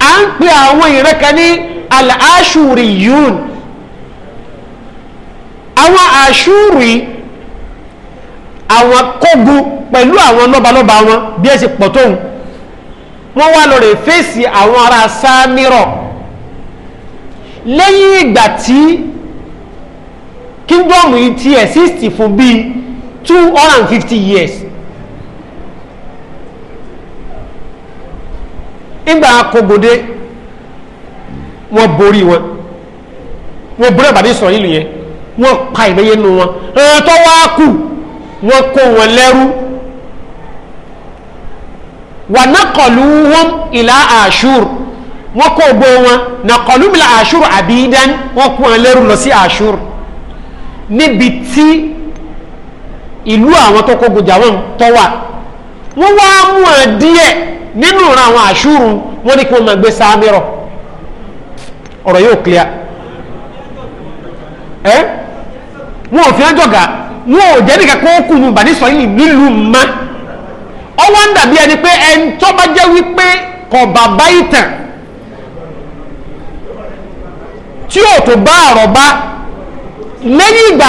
à ń pe àwọn ìran kan ní al-ashuriyun àwọn àṣúrì àwọn kógun pẹ̀lú àwọn lọ́balọ́ba wọn bí ẹ sì wọ́n wá lọ rè fèsì àwọn ará sámírọ̀ lẹ́yìn ìgbà tí kingdom yìí ti exist fún bíi two years ńgbà akogode wọ́n borí wọn wọ́n borí àbàdé sọ̀rọ̀ yìí yẹn wọ́n pa ìbẹ́yẹ nu wọn ẹ̀rọ tó wá kù wọ́n kó wọn lẹ́rú wà nàkọ̀lù wọn ìlà àṣùr wọ́n kó gbó wọn nàkọ̀lù ìlà àṣùr àbí dání kó wọn lẹ́rú lọ sí àṣùr níbi tí ìlú àwọn tó kó gbòjà wọn tọ́ wà wọ́n wá mú wọn díẹ̀. nínú ìran àwọn àṣùrù wọn ni kí wọn máa gbé sáámírọ ọ̀rọ̀ yóò clear ẹ wọn ò fi ẹjọ ga wọn ò jẹ nìkan kó kù nù bàní sọyìn nílùú mọ ọwọ́ ń dàbí ẹni pé ẹni tó bá jẹ́ wípé kò bàbá ìtàn tí ò tó bá àrọ̀bá lẹ́yìn ìgbà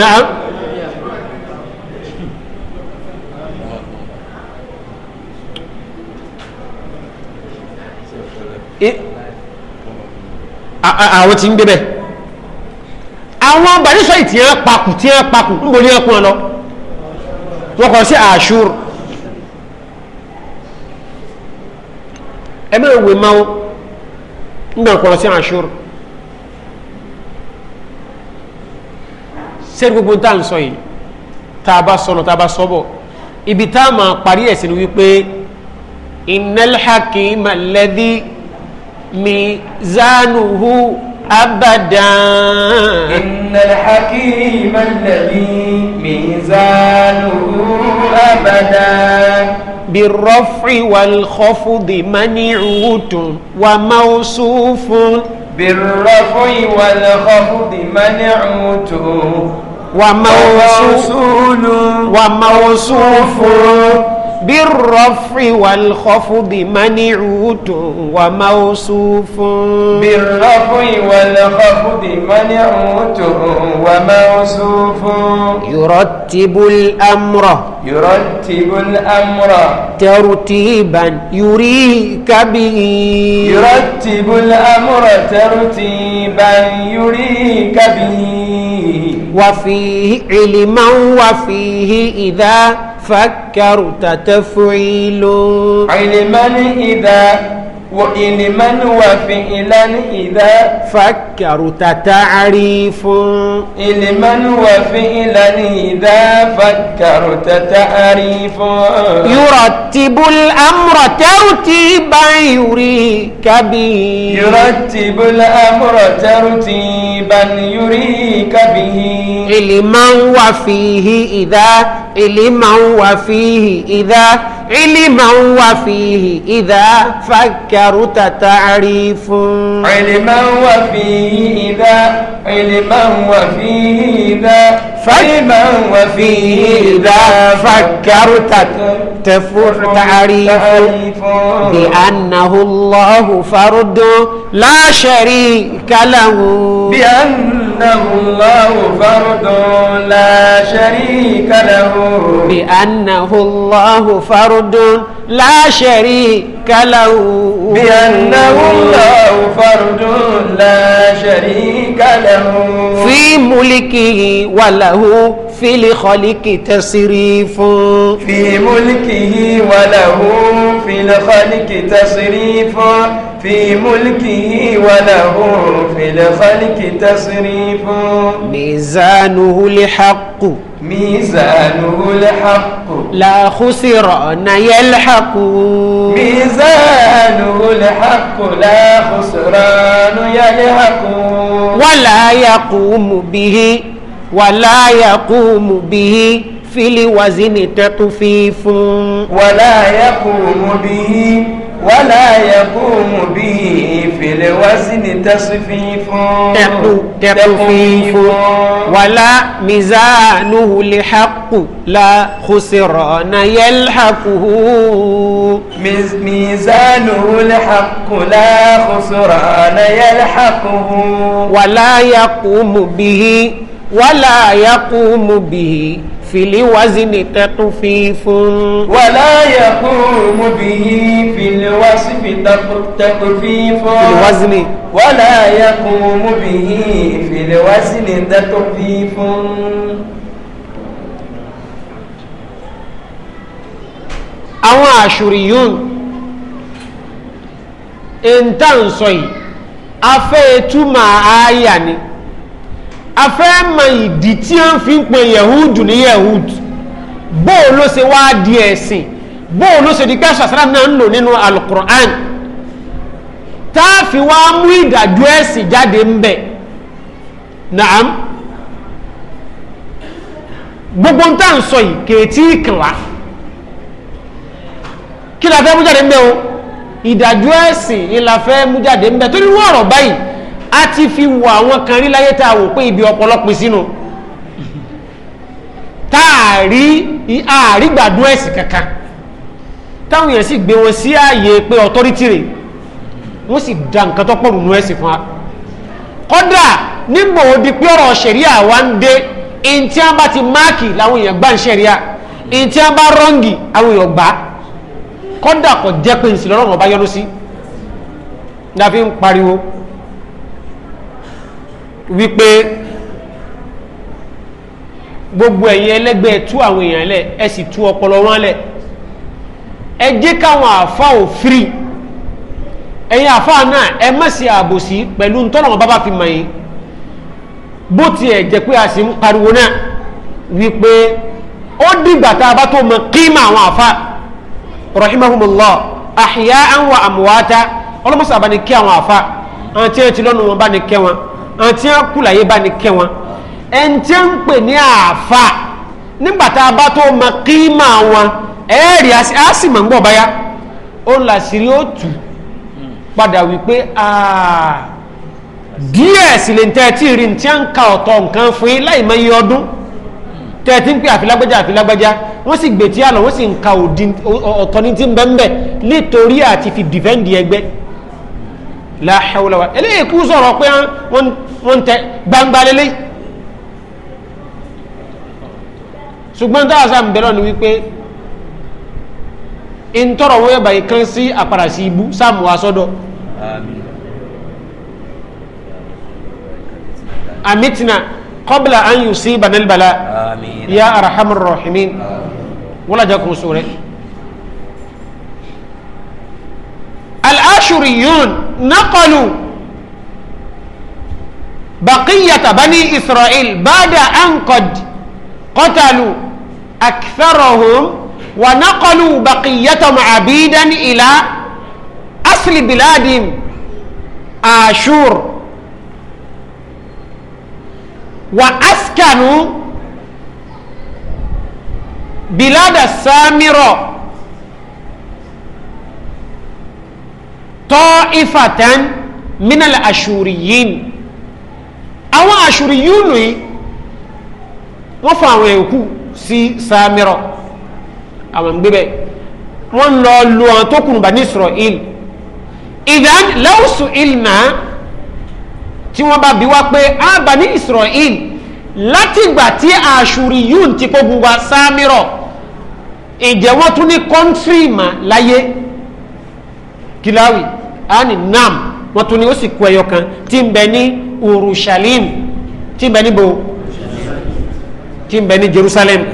نعم àwọn tí ń débẹ̀ àwọn banisọ̀ ìtì ẹ̀ pakù tí ẹ̀ pakù níbo ni ẹ̀ kún ọ wọ́n kọ́ sí àṣùr ẹ̀ mẹ́rin sẹ́ni gbogbo tá à ń sọ yìí tá a bá sọnù tá a bá sọ́bọ̀ ibi tá a máa parí ẹ̀ sí ni wípé innal hakima alladhi mizanuhu abadan. innal hakima alladhi mizanuhu abadan. بالرفع والخفض منعوت وموصوف بالرفع والخفض منعوت وموصوف وموصوف بالرفع والخفض منعوت وموصوف بالرفع والخفض منعوت وموصوف يرتب الأمر يرتب الأمر ترتيبا يريك به يرتب الأمر ترتيبا يريك به وفيه علما وفيه إذا فكرت تفعيل علما إذا من وفعلا إذا فكروا تعريف من وفعلا إذا فكرت تعريف يرتب الأمر ترتيبا يريك به يرتب الأمر ترتيبا يريك به إلما وفيه إذا إلما وفيه إذا علما وفيه إذا فكرت تعريف علما وفيه إذا علما وفيه إذا علما وفيه إذا فكرت تفر تعريف بأنه الله فرد لا شريك له بأن بأنه الله فرد لا شريك له بأنه الله فرد لا شريك له بأنه الله فرد لا شريك له في ملكه وله في الخلق تصريف في ملكه وله في الخلق تصريف في ملكه وله في الخلق تصريف ميزانه الحق ميزانه الحق لا خسران يلحق ميزانه الحق لا خسران يلحق ولا يقوم به wàlá yakumu bihi fili wazini tatufifun. wàlá yakumu bihi wàlá yakumu bihi fili wazini tasufifun. tatufifun wàlá mizanuhu lihaqu la khusirana yalhaquhu. ميزانه الحق لا خسران يلحقه ولا يقوم به wala yaqumu bihi fili wazini tatufifun. wala yaqumu bihi fili wasfi tatufifun. fili wazini. wala yaqumu bihi fili wasfi tatufifun. àwọn àṣùrìyún ń tàn sọ yìí afẹ́ túmọ̀ àáyà ni afẹ́mọ̀ ìdí tí a ń fi ń pè yahudu ní yahudu bóò ló ṣe wá di ẹ̀sìn bóò ló ṣe di pé aṣàṣàrà náà ń lò nínú alukur'an táàfin wá mú ìdájọ́ ẹ̀sìn jáde ń bẹ̀ naam gbogbo ń tà ń sọ yìí kèétí ìkìlá kí la fẹ́ mú jáde ń bẹ̀ o ìdájọ́ ẹ̀sìn ni la fẹ́ mú jáde ń bẹ̀ torí wọ́n ọ̀rọ̀ báyìí a ti fi wọ àwọn kan rí láyé tá a wò pé ibi ọ̀pọ̀lọpọ̀ sínú tá a rí ààrí gbàdún ẹ̀sìn kankan táwọn èèyàn sì gbé wọn sí ààyè pé ọ̀tọ́rítì rẹ̀ wọ́n sì da nǹkan tó pọ̀ nínú ẹ̀sìn fún wa kódà nígbà ó di pé ọ̀rọ̀ ṣẹ̀ríà wa ń dé ntí a bá ti máàkì làwọn èèyàn gbà ń ṣẹ̀ríà ntí a bá rọ́ǹgì àwọn èèyàn gbà kódà kò jẹ́ pé nsìlọ́rọ̀ wọn bá yọnu sí ní a fi ń pariwo. wípé gbogbo ẹ̀yin ẹlẹ́gbẹ́ tú àwọn èèyàn lẹ̀ ẹ sì tú ọpọlọ wọn lẹ̀ ẹ jẹ́ káwọn ò firi ẹ̀yin àfa náà ẹ má pẹ̀lú ntọ́nà wọn fi mọ̀ yín bó jẹ́ pé a sì ń pariwo náà wípé ó dìgbà tá a bá tó mọ rahimahumullah wa amwata ọlọ́mọsàbá ni kí àwọn àfa tí lọ́nu wọn bá ní àti wọn kú láyé bá ní kẹ́ wọn ẹn tí ń pè ní àáfà nígbà tá a bá tó mọ kíímà wọn ẹ̀ẹ́rì á sì mọ̀ ń gbọ̀ báyá ó ń làṣírí ó tù padà wípé díẹ̀ sì lè tẹ́ tí rí tí ń ka ọ̀tọ̀ nǹkan fún yín láì mọye ọdún tẹ́ ń pè àfilágbájá àfilágbájá wọ́n sì gbètí àlọ́ wọ́n sì ń ka ọ̀tọ̀ ní ti ń bẹ́ńbẹ́ nítorí àti fi dìfẹ́ǹdì ẹgbẹ́ láhàwùlà eléyìí kú sọ̀rọ̀ pé wọ́n wọ́n ń tẹ gbangba lélẹ́ ṣùgbọ́n táwọn sáà ń bẹ̀rẹ̀ ni wípé ntọrọ wo yẹ ba yi kan si aparasi ibu sáàmù asọ dọ amitina kọbila an yu si banalibala ya arahamur rahimin walaja kun sore al-ashuriyun naqalu. بقية بني إسرائيل بعد أن قد قتلوا أكثرهم ونقلوا بقيتهم عبيدا إلى أصل بلادهم آشور وأسكنوا بلاد السامرة طائفة من الأشوريين àwọn àṣùrì yìí nù yìí wọ́n fa àwọn èkú sí sàmìrọ̀ àwọn ń gbébẹ̀ wọ́n lọ lu àwọn tó kùnú Bani Israel ìdán lẹ́wùsù ìlnà tí wọ́n bá bí wá pé á Bani Israel látìgbà tí àṣùrì yìí ti kó gbogbo sàmìrọ̀ ìjẹ́ wọ́n tún ní kọ́ńtírì mà láyé kìláwì á ní nam wọ́n tún ní ó sì kú ẹyọ kan tí ń bẹ ní. Urushalim tí ń bẹ níbo tí bẹ ní Jerusalem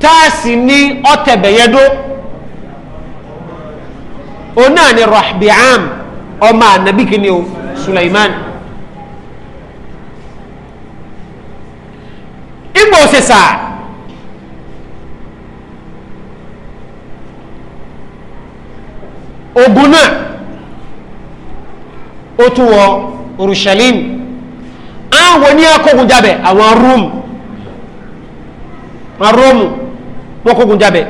táàsì ní ọ̀tẹ̀bẹ̀yẹdó òun náà ni Rahbiam ọmọ ànábì kìíní o Sulaiman ìgbò sẹ̀sà ogun náà ó wọ. Urushalim àwọn ní akógun jabẹ àwọn Rome àwọn Rome wọn kógun jabẹ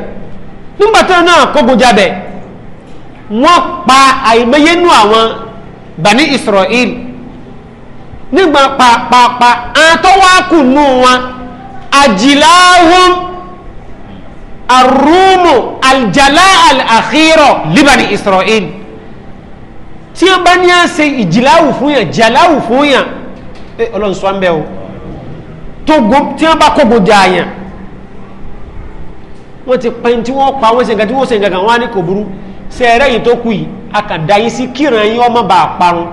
nígbà tí wọn náà kógun jabẹ wọn pa àìmọye nù àwọn Bani Israel nígbà pàpàpà àtọwákù nù wọn àjìláhùn àrùmù àjàlá àlàkírọ libani Israel tí ó bá ní à ń ṣe ìjìláwù fún yàn jàláwù fún yàn ẹ eh, ọlọ́run sọ ń bẹ o tí wọ́n bá kógo jà yàn wọ́n ti pẹ́yìn tí wọ́n pa wọ́n ṣe nǹkan tí wọ́n ṣe nǹkan kan wọ́n á ní kò burú ṣe ẹ̀rẹ́ yìí tó kù yìí a kàn sí kíran yín ọmọ bá a parun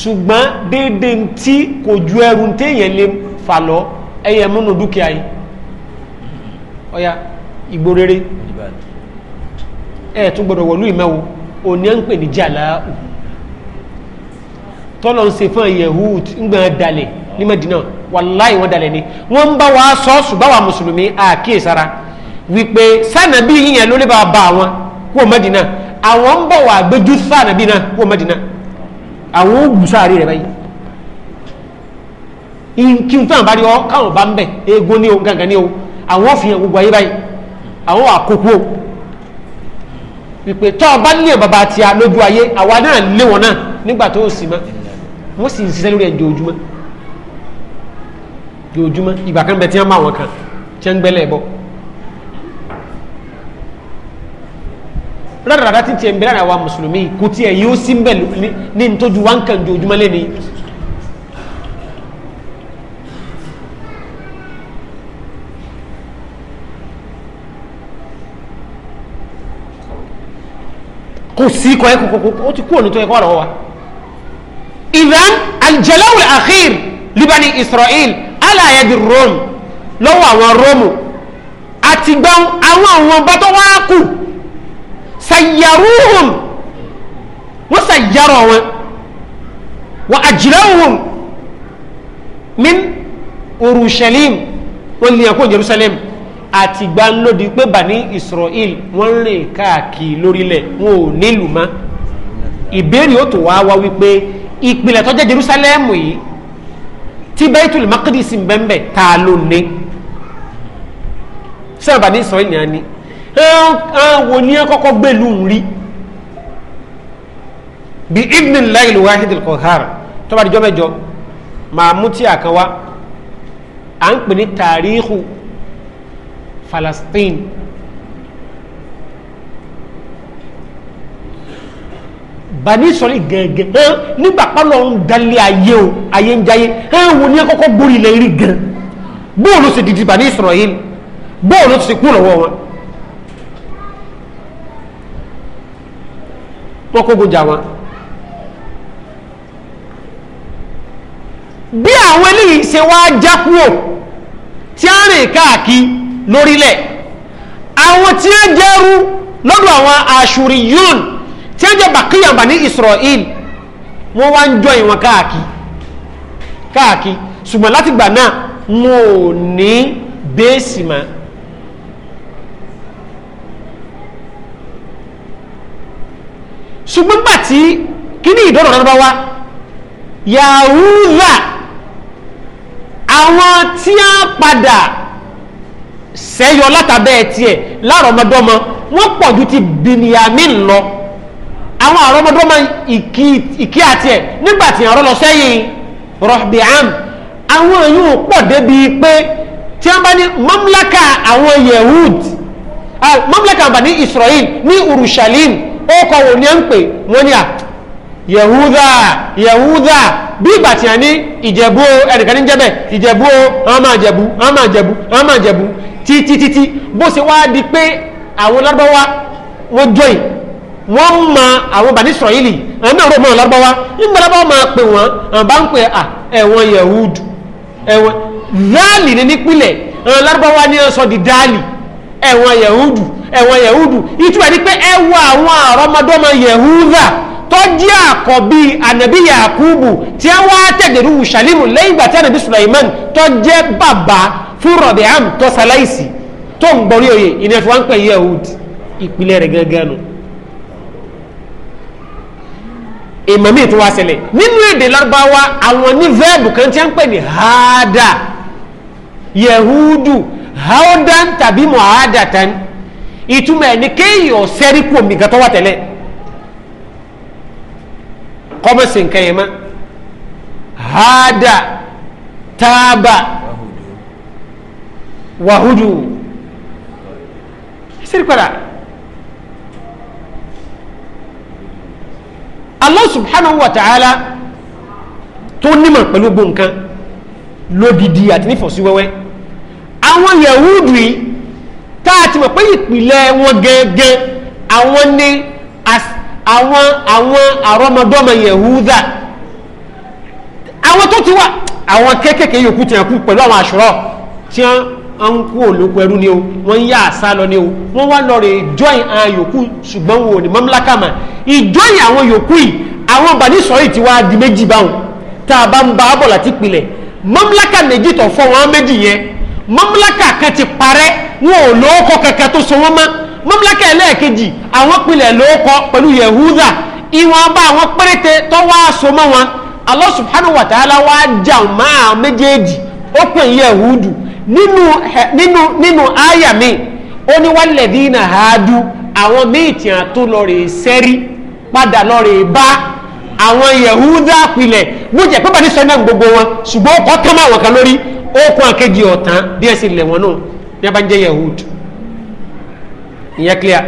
ṣùgbọ́n déédéé tí kò ju ẹrù téèyàn lè fà lọ ẹ̀yẹ múnú dúkìá yìí ọ̀ya ìgbó rere tún gbọ́dọ̀ wọ̀lú ìmẹ́wo òní à ń pè ní jàláwù tọ́lọ̀ ń ṣe fún yehud ńgbọ́n dalẹ̀ ní Madina wàláì wọ́n dalẹ̀ ni wọ́n ń bá wa sọ ṣùgbọ́n wa mùsùlùmí àkíyèsára wípé sànàbí yíyan ló lè bá ba àwọn kó Madina àwọn ń bọ̀ wà gbẹjú sànàbí náà kó Madina àwọn ó wù sáàrí rẹ̀ báyìí kí n tán àbárí ọ káwọn bá ń bẹ̀ eégún ní o gàngàn ní o àwọn fi hàn gbogbo ayé báyìí àwọn àkókò wípé tọ́ ọ bá bàbá àti ayé àwa náà lé wọn náà nígbà tó o sì máa wọ́n sì ń ṣiṣẹ́ lórí ẹ̀ jòjúmọ́ jòjúmọ́ ìgbà kan bẹ tí wọ́n máa wọn kan tí wọ́n ń gbẹ́lẹ̀ bọ́ rádaràdá tí tiẹ̀ ń bẹ̀rẹ̀ àwa mùsùlùmí kò tiẹ̀ yóò sí ń bẹ̀ ní ntójú wa ń kàn jòjúmọ́ lẹ́ni. kò sí kọ́ ẹ́ kò kò kò ó ti kú ònú tó yẹ kọ́ ọ̀rọ̀ wa idan aljalawul akhir libani israel alayedi rome lọ́wọ́ àwọn róòmù àti gbọ́n àwọn àwọn bá tó wá kù sayyaruhum wọ́n sayyarọ̀ wọn wa ajlawhum min urushalim wọ́n lè ẹ̀kọ́ jerusalem àti gbọ́n lódi pé bani israel wọ́n rìn káàkiri lórílẹ̀ wọn ò nílùú mọ́ ìbéèrè ó tó wá wá wípé ìpìlẹ̀ tó jẹ́ Jerusalemu yìí tí Baitul Maqdis ń bẹ́ẹ̀ bẹ́ẹ̀ ta ló ní sábà ní sọ ènìyàn ni àwọn ní kọ́kọ́ gbèlú ń rí bí ibnillahi al-wahid al-qahhar tó bá di jọ́mẹ́jọ màá mú tí a kan wá à ń pè ní tàríkù Falastin bani sọ̀rí gẹ̀ẹ́gẹ̀ hàn nígbà pálọ̀ ń dalẹ̀ ayé o ayé ń jayé hàn wo ni ẹ kọ́kọ́ borí ilẹ̀ rí gan bóòlù sì dìdì bani sọ̀rọ̀ yìí bóòlù sì kú lọ́wọ́ wọn. wọ́n kó gbọjà wọn. bí àwọn eléyìí ṣe wá já kúrò tí a rìn káàkiri lórílẹ̀ àwọn tí a jẹ́rú lọ́dọ̀ àwọn àṣùrí yún tí ó jẹ́ bàkíyà bani Israel wọ́n wá ń jọ ìwọ̀n káàkiri káàkiri ṣùgbọ́n láti gbà náà wọn ní bẹ́ẹ̀sì mọ́ ṣùgbọ́n gbà tí kíní ìdọ́rọ̀ náà bá wá Yahuda àwọn tí a padà sẹ́yọ látàbẹ́ tiẹ̀ láàrọ̀ ọmọdọ́mọ wọ́n pọ̀ ju ti Binyamin lọ. No àwọn àrọ́mọdọ́ máa ìkí àti ẹ̀ nígbà tí àrọ́ lọ sẹ́yìn rọ̀bìám àwọn yóò pọ̀ débi pé tí wọ́n bá ní mamlaka àwọn yehud mamlaka bani israel ní urushalim ó kọ wò ní ẹ̀ ń pè wọ́n ní à yehuda yehuda bí ìgbà tí a ní ìjẹ̀bú ẹnìkan ní jẹ́bẹ̀ ìjẹ̀bú ọmọ ìjẹ̀bú ọmọ ìjẹ̀bú ọmọ ìjẹ̀bú títí títí bó ṣe wá di pé àwọn lọ́dọ́ wa wọ́n jọyìn wọ́n ma àwọn bàní sọ̀yìlì àwọn náà rògbòmọ̀ lọ́gbọ́wá nígbàlábà máa pè wọ́n àwọn bá ń pè à ẹ̀wọ̀n yahud ẹ̀wọ̀n dáàlì ní nípìnlẹ̀ àwọn lọ́gbọ́wá ní sọ di dáàlì ẹ̀wọ̀n yahud ẹ̀wọ̀n yahud ìtura ni pé ẹ wọ àwọn àrọ́mọdọ́mọ yahuda tọ́jú àkọ́bí ànàbí yakubu tí a wá tẹ̀dẹ̀rú ṣàlímù lẹ́yìn ìgbà tí ànàbí sulaiman tọ́jẹ́ bàbá fún rọ̀bìham tọ́sálàìsì tó ń gbọ́rí òye ìnẹ̀fọ́ ń pè yahud ìpìlẹ̀ rẹ̀ gángan nù. ìmọ̀ míì tó wá ṣẹlẹ̀ nínú èdè lárúbáwá àwọn ní vẹ́ẹ̀bù kan tí a ń pè ní haada yehudu haudan tàbí muhadatan ìtumọ̀ ẹ̀ ní kéèyàn sẹ́rí kú omi gàtọ́wà tẹ́lẹ̀ kọ́mọ̀sì nǹkan yẹn mọ́ haada taaba wahudu sẹ́rí padà. Allah subhanahu wa ta'ala tó nímọ̀ pẹ̀lú gbogbo nǹkan lódìdí àti nífọ̀sí wẹ́wẹ́ àwọn yahudu yìí tá a ti mọ̀ pé ìpìlẹ̀ wọn gẹ́gẹ́ àwọn ní àwọn àwọn àrọ́mọdọ́mọ yahuda àwọn tó ti wà àwọn kéékèèké yòókù ti pẹ̀lú àwọn àṣùrọ̀ tí wọ́n ń kú òlòkù ẹrú ni o wọ́n ń yá àṣà lọ ni o wọ́n wá lọ rè join àwọn yòókù ṣùgbọ́n wo ni mamlaka mà ìjọyìn àwọn yòókù yìí àwọn bàní sọ̀rọ̀ yìí ti wá di méjì báwọn tá a bá ń ba abọ̀ láti pilẹ̀ mamlaka méjì tó fọ́ wọn méjì yẹn mamlaka kan ti parẹ́ wọn ò lóókọ kankan tó so wọn mọ́ mamlaka ẹlẹ́ẹ̀kejì àwọn pilẹ̀ lóókọ pẹ̀lú Yehuda ìwọ̀n bá àwọn péréte tó wá Allah subhanahu wa ta'ala wá jà máa méjèèjì Yehudu nínú nínú nínú àyà mi ó ní walladhina hadu àwọn míì tí a tó lọ rè sẹ́rí padà lọ rè bá àwọn Yahuda pilẹ̀ bó jẹ́ pé bàtí sẹ́nà gbogbo wọn ṣùgbọ́n ọkọ̀ tán máa wọ̀n kan lórí okun àkejì ọ̀tán díẹ̀ sí ilẹ̀ wọn náà ní a bá ń jẹ́ Yahud ìyẹn clear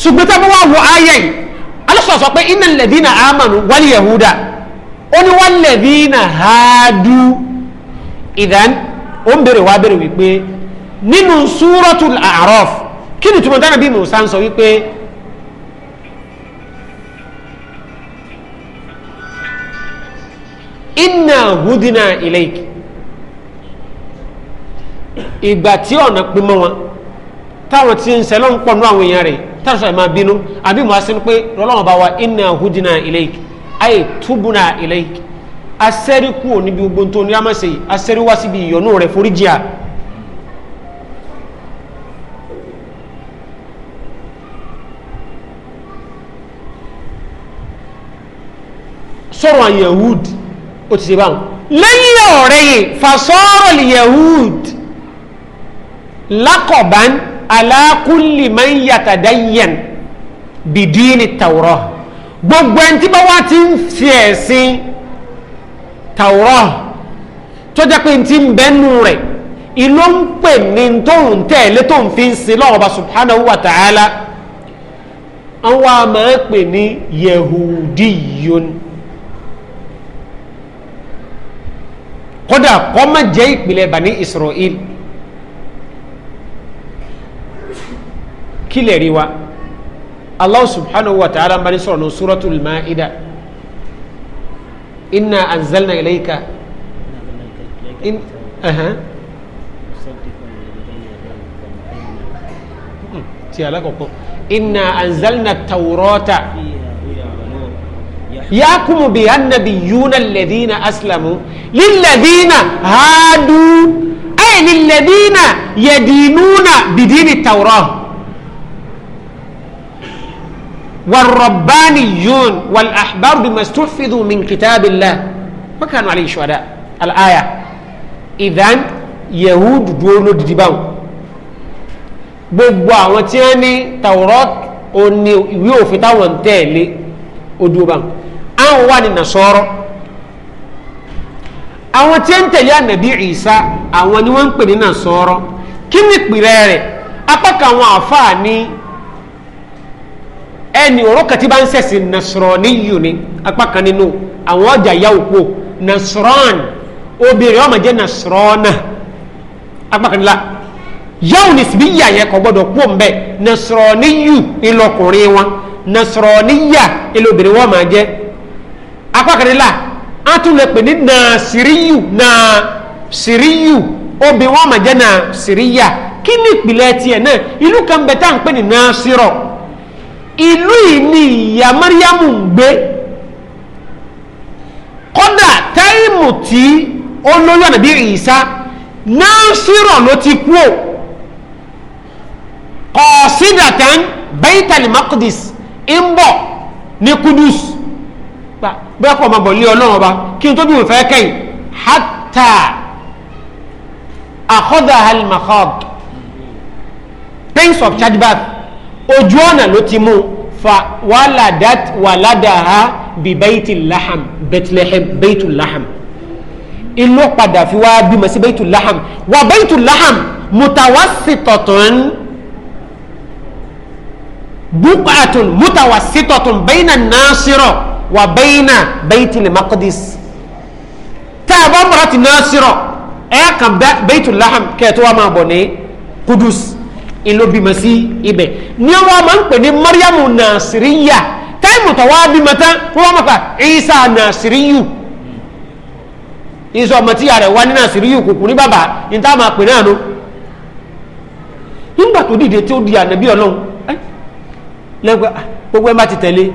ṣùgbọ́n tí a bá wà wọ ayé yìí alásọ̀ sọ pé innal ladhina amanu wal Yahuda ó ní wal hadu ìdán ó ń bèrè wá bèrè wípé nínú súratul A'raf kí ni túmọ̀ dáná bí Musa ń sọ wípé inna hudina ilayk ìgbà tí ọ̀nà pín mọ́ wọn táwọn tí ń sẹ́lọ́ pọ̀nú àwọn èèyàn rẹ̀ táwọn sọ̀rọ̀ máa bínú àbí Musa ń pé rọlọ́wọ́n bá wa inna hudina ilayk ayé túbúna ilayk asẹ́rí kúrò níbi gbogbo tó ní àmọ́ sèyí asẹ́rí wá síbi ìyọnú rẹ̀ foríjì à. sọ̀rọ̀ yehud ó ti ṣe báwọn lẹ́yìn ọ̀rẹ́ yìí fasọ́rọ̀ yehud lákọ̀bán alákùnlé máa ń yàtàdáyẹn bìdí ní tàwùrọ̀ gbogbo ẹni tí bá wá ti ń fi ẹ̀sìn tàwọ́rọ́ tó jẹ́ pé ti ń bẹ́nu rẹ̀ ìlú ń pè ní tóun tẹ̀lé tóun fi ń sin lọ́wọ́ bá subhanahu wa ta'ala àwọn a máa pè ní yehudiyun kódà kọ́ jẹ́ ìpìlẹ̀ bani israel kí rí wa allah subhanahu wa ta'ala ń bá ní sọ̀rọ̀ ní ma'ida. إنا أنزلنا إليك إن أها إنا أنزلنا التوراة يأكم بها النبيون الذين أسلموا للذين هادوا أي للذين يدينون بدين التوراة والربانيون والأحبار بما استحفظوا من كتاب الله ما كانوا عليه شهداء الآية إذن يهود دولو ديباو gbogbo àwọn tí wọn ní tawrọt òní ìwé òfin táwọn ń tẹ̀lé odúbà àwọn wà ní nasọrọ àwọn tí ń tẹ̀lé ànàbí ìsá àwọn ni wọ́n ń pè ní nasọrọ kí ni ìpìlẹ̀ rẹ̀ apá kan àwọn àfáà ní ẹni ọ̀rọ̀ kan tí bá ń sẹ̀sì nasrọ̀níyù ni apá kan nínú àwọn ọjà ìyá òpó nasrọ̀n obìnrin ọmọ jẹ́ nasrọ̀nà apá kan nílá yáwò ní síbí yà yẹ kọ́ gbọ́dọ̀ pọ̀ ń bẹ́ nasrọ̀níyù ìlọkùnrin wọn nasrọ̀níyà ìlọbìnrin wọn máa jẹ́ apá kan nílá a tún lè pè ní nàásìríyù nàásìríyù obìnrin wọn máa jẹ́ nàásìríyà kí ni ìpìlẹ̀ tiẹ̀ náà ìlú kan bẹ̀ tá à ń pè ní nàásìrọ̀ ìlú yìí ni ìyá Mariamu ń gbé kódà táìmù tí olóyè ànàbí Ìsá náà sírọ̀ ló ti kú ò kọ̀ọ̀sídàtàn Baitul Maqdis ń bọ̀ ní Kudus bẹ́ẹ̀ pọ̀ máa bọ̀ lé ọlọ́run ọba kí n tó bí òfẹ́ kẹ́yìn hatta akhadha al-makhad pains of childbirth ojú ọ̀nà ló ti mú fa wàládàt wàládàá bí bẹ́ẹ̀tìláhàm bẹ́tìlẹ́hẹ̀m bẹ́ẹ̀tìláhàm ìlú padà fi wá bímọ sí bẹ́ẹ̀tìláhàm wà bẹ́ẹ̀tìláhàm mutawasitọ̀tún bukatun mutawasitọ̀tún bẹ́ẹ̀nà násírọ̀ wà bẹ́ẹ̀nà bẹ́ẹ̀tìlẹ́màkọ́dís tá a bá mọ̀rọ̀ ti násírọ̀ ẹ̀ẹ́kan bẹ́ẹ̀tìláhàm kẹ́ẹ̀tọ́ wa máa bọ̀ ní kudus ìlú bímọ sí ibẹ̀ ní wọn máa ń pè ní Maryamu Nasiriya táìmù tó wá bímọ tán wọn wá máa pa Isa Nasiriyu Isa ọmọ tíya rẹ̀ wá ní Nasiriyu kùkù ní bàbá ní tá a máa pè náà nu nígbà tó dìde tí ó di ànábì Ọlọ́run lẹ́gbẹ́ ah, gbogbo ẹ̀ bá ti tẹ̀lé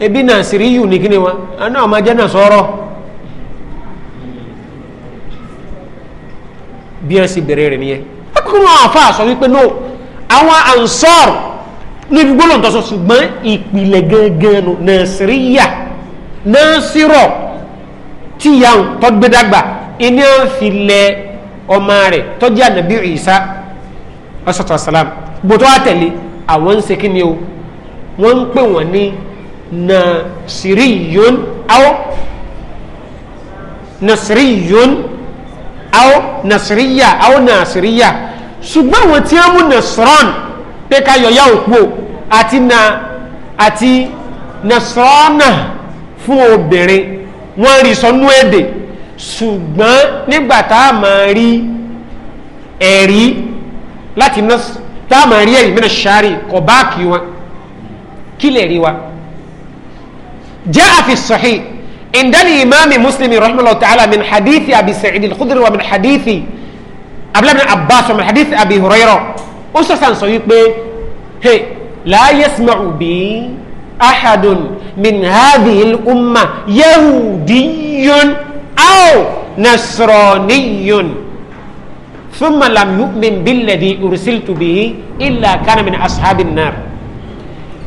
ebi Nasiriyu ní kíni wọn àná ọmọ jẹ́ náà bí wọ́n sì bẹ̀rẹ̀ rẹ̀ nìyẹn akọkùnrin àfa sọ wípé no àwọn ansar níbi gbólóhùn tọ́sọ ṣùgbọ́n ìpìlẹ̀ gẹ́gẹ́ nu nàìsíríyà nàìsírọ̀ tíyàn tọ́gbẹ́dàgbà iná filẹ̀ ọmọ rẹ̀ tọ́jú ànàbí ìsá ọ̀sọ̀tọ̀ sàlám bòtọ́ àtẹ̀lé àwọn ń ṣe kí ni o wọ́n ń pè wọ́n ní nàìsíríyón áwọ́ nàìsíríyón áwọ́ nàìsíríyà áwọ́ nàìsíríyà ṣùgbọ́n àwọn tí wọ́n mú nasran pé ká yọ̀yá òkú àti na àti nasrana fún obìnrin wọ́n rí sọnú èdè ṣùgbọ́n nígbà tá a máa rí ẹ̀rí láti tá a rí ẹ̀rí mìíràn ṣáárì kọ̀ báàkì wọn kí lè rí wa. جاء في الصحيح عند الإمام مسلم رحمه الله تعالى من حديث أبي سعيد الخدري ومن حديث abdullahi bin abbas ọmọ hadith abi hurayra ó sọ̀sán sọ wípé hey la yasma'u bi ahadun min hadhihi al-umma yahudiyyun aw nasraniyun thumma lam yu'min billadhi ursiltu bihi illa kana min ashabin nar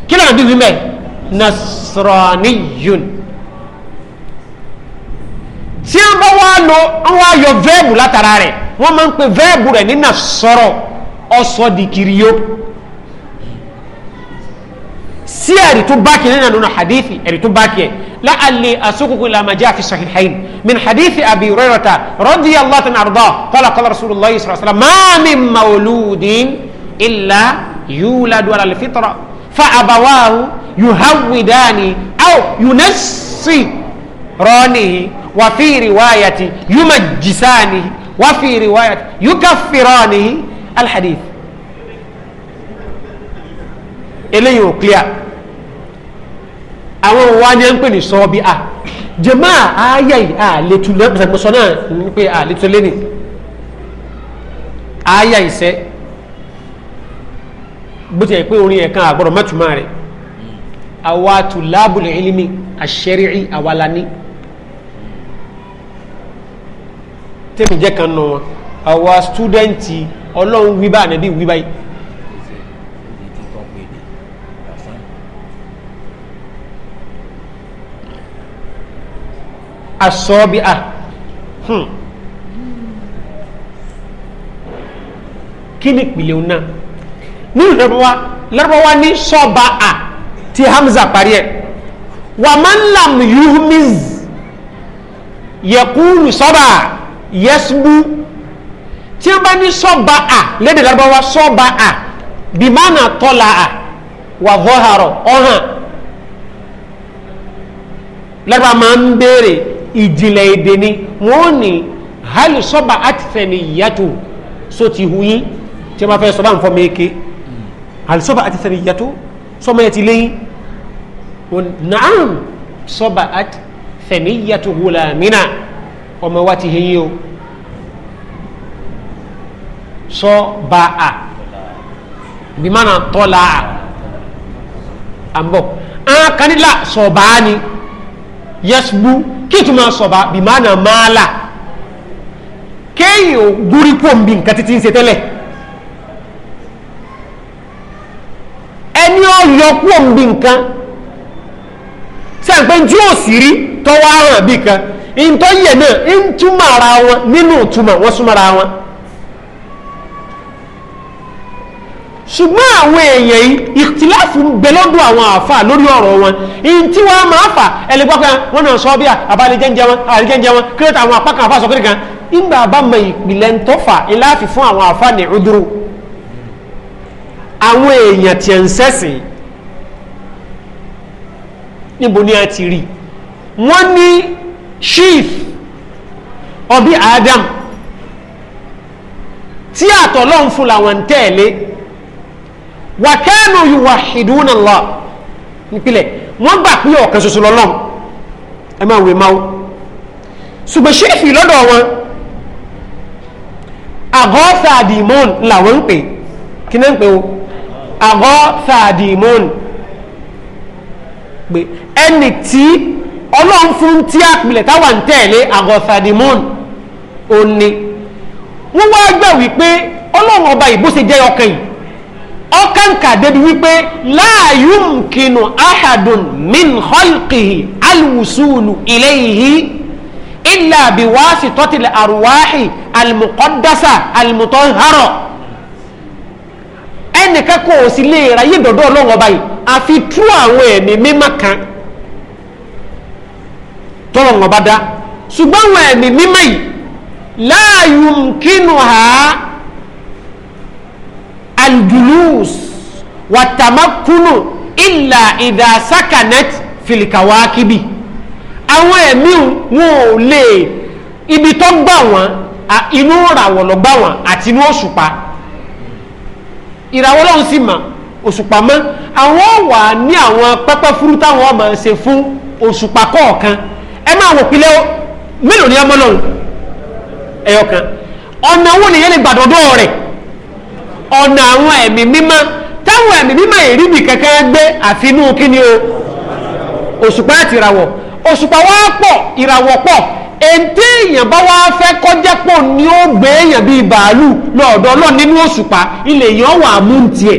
kí ló ń bí mẹ́ nasraniyun tí wọ́n bá wá lọ wọ́n wá yọ vẹ́ẹ̀bù látara rẹ̀ wọ́n máa ń pe vẹ́ẹ̀bù rẹ̀ nínà sọ̀rọ̀ ọ̀sọ̀ di kiri yó sí ẹ̀rí tó bá kí nínú nínú hadithi ẹ̀rí tó bá kí ẹ̀ láàlè àsókòkò làmà jẹ́ àfi sahihayn min hadithi abi rẹ́rọ̀ta radiyallahu ta'ala arda qala qala rasulullahi sallallahu alaihi wasallam ma min mawludin illa yuladu ala alfitra fa abawahu yuhawidani aw yunassi rọ́ọ̀nìyí وفي رواية يمجسانه وفي رواية يكفرانه الحديث eléyìí ò clear àwọn wa ni à ń pè ní sọ́ọ́bì a jẹ̀mọ́ àáyá yìí àlétú lọ́sọ̀gbọ̀sọ náà ń pè àlétú lẹ́nì àáyá ìṣẹ́ bó ti yẹ pé orin ẹ̀kan àgbọ̀rọ̀ mẹ́tùmá rẹ̀ àwa tùlábùl ilmi àṣẹ́rìí àwa la ní. tèmi jẹ́ kan nù wọn àwa stúdẹ́ǹtì ọlọ́run wíbá ànábì wíbá yìí. asọ́bi a hmm. kí ni ìpìlẹ̀ òun náà nínú lọ́rọ̀wá lọ́rọ̀wá ní sọ́ba a ti hamza parí ẹ̀ wà máa ń làm sọ́ba a yẹsbu tí a bá ní sọ́ba a lédè Lárúbáwá sọ́ba a bìmánà tọ́la a wà vọ́harọ̀ ọ̀hàn Lárúbá máa ń béèrè ìjìnlẹ̀ èdè ni wọ́n ní hali sọ́ba àti fẹ̀mí yàtò so ti hu yín tí a bá fẹ́ sọ́ba nǹfọ́ mẹ́ẹ̀kẹ́ hali sọ́ba àti fẹ̀mí yàtò sọ́mọ ẹ̀ ti léyìn wọ́n naam sọ́ba àti fẹ̀mí yàtò wùlà mìíràn ọmọ wa ti heyin o sọ ba a bí mana tọ́ la a à ń bọ̀ an kanila sọ̀bàá ni yasubu kí tuma sọ̀bàá bí mana máa la kéèyàn gúrí pò ń bi nǹkan títí ń ṣe tẹ́lẹ̀ ẹni ọ̀yọ́ pò ń bi nǹkan tí a ń pẹ́ ń tọ́wọ́ àrùn àbí kan ìntọ́ yẹ náà ń túmọ̀ ara wọn nínú ìtumọ̀ wọ́n súnmọ́ ara wọn ṣùgbọ́n àwọn èèyàn yìí ìtìláfù ń bẹ lọ́dún àwọn àfà lórí ọ̀rọ̀ wọn ìyìn tí wọ́n máa fà ẹlẹ́gbọ́kan wọn náà sọ bí àbálẹ́jẹ́njẹ wọn àbálẹ́jẹ́njẹ wọn kírẹ́tà àwọn apá kan àfà sọ ìgbà àbámọ̀ ìpìlẹ̀ ń tọ́fà ìláàfì fún àwọn àfà ní ọdúró àwọn èèyàn tí ń sẹ́sìn níbo ni a ti rí wọ́n ní sheaf ọbí adam tí àtọ̀lọ́n fún làwọn tẹ̀lé wa kanu yuwahiduna Allah nípìnlẹ̀ wọ́n gbà pé ọ̀kan ṣoṣo lọ́lọ́n ẹ máa wè máa ṣùgbọ́n sheaf lọ́dọ̀ wọn àgọ́ sàdìmọ́n làwọn ń pè kí náà ń pè o àgọ́ sàdìmọ́n pé ẹni tí ọlọ́run fún tí àpilẹ̀ táwa ń tẹ̀lé agọ́sàdìmọ́n òní wọ́n wá gbà wípé ọlọ́run ọba yìí bó ṣe jẹ́ ọkàn yìí ọkàn kà débi wípé la yumkinu ahadun min khalqihi alwusulu ilayhi illa biwasitati arwahi almuqaddasa almutahhara ẹnìkan kò sí lè ráyè dọ̀dọ̀ ọlọ́run ọba yìí àfi tú àwọn ẹ̀mí mímọ́ kan tọrọ wọn bá dá ṣùgbọ́n àwọn ẹ̀mí mímọ́ yìí láàyò kínú ha aljulus wàtàmákùnù ìlà ìdásàkànẹt filikawakibi àwọn ẹ̀mí wọn ò lè ibi tó gbà wọn inú ràwọ̀ lọ gbà wọn àti inú òṣùpá ìràwọ̀ lọ́hùn sì mà òṣùpá mọ́ àwọn wà ní àwọn pẹ́pẹ́ fúrú táwọn ọmọ ṣe fún òṣùpá kọ̀ọ̀kan ẹ máa wò pilẹ̀ o mélòó ni ọmọ lọ́run kan ọ̀nà wo nìyẹn lè gbàdọ̀dọ̀ rẹ̀ ọ̀nà àwọn ẹ̀mí mímọ́ táwọn ẹ̀mí mímọ́ èrí bì kẹ́kẹ́ gbé àfinú kíni o òṣùpá àti ìràwọ̀ òṣùpá wá pọ̀ ìràwọ̀ pọ̀ èntì èèyàn bá wá fẹ́ kọjá pọ̀ ni ó gbé èèyàn bíi bàálù lọ́ọ̀dọ̀ ọlọ́ nínú òṣùpá ilé èèyàn wà mú tiẹ̀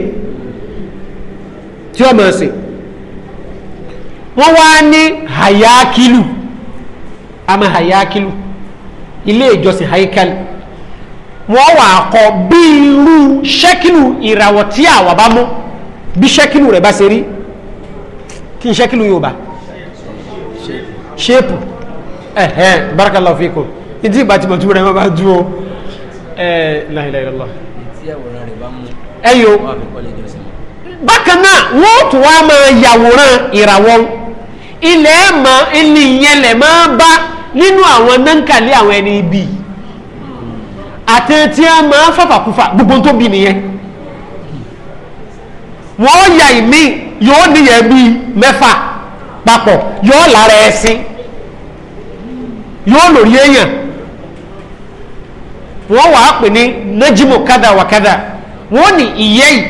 ama hayakilu ilé ìjọsìn haikal wọ́n wà kọ bí irú ṣẹ́kìlù ìràwọ̀ tí àwa bá mú bí ṣẹ́kìlù rẹ̀ bá ṣe rí kí n ṣẹ́kìlù yóò bá ṣéèpù ẹ̀hẹ́ barakallahu fikum ìdí ìbátìmọ̀ tó rẹ̀ wọ́n bá dúró la ilaha illallah ẹ̀yọ́ bákan náà wọ́n tún wá máa yàwòrán ìràwọ̀ ilẹ̀ ẹ̀ máa ń ní ìyẹn lẹ̀ máa bá nínú àwọn nankali àwọn ẹni ibi àti a máa fàfàkúfà gbogbo tó bì nìyẹn wọ́n yà ìní yóò níyẹn bí mẹ́fà papọ̀ yóò lára ẹ̀sìn yóò lórí èèyàn wọ́n wàá pè ní nájímù kádà wà wọ́n ní ìyẹ́ yìí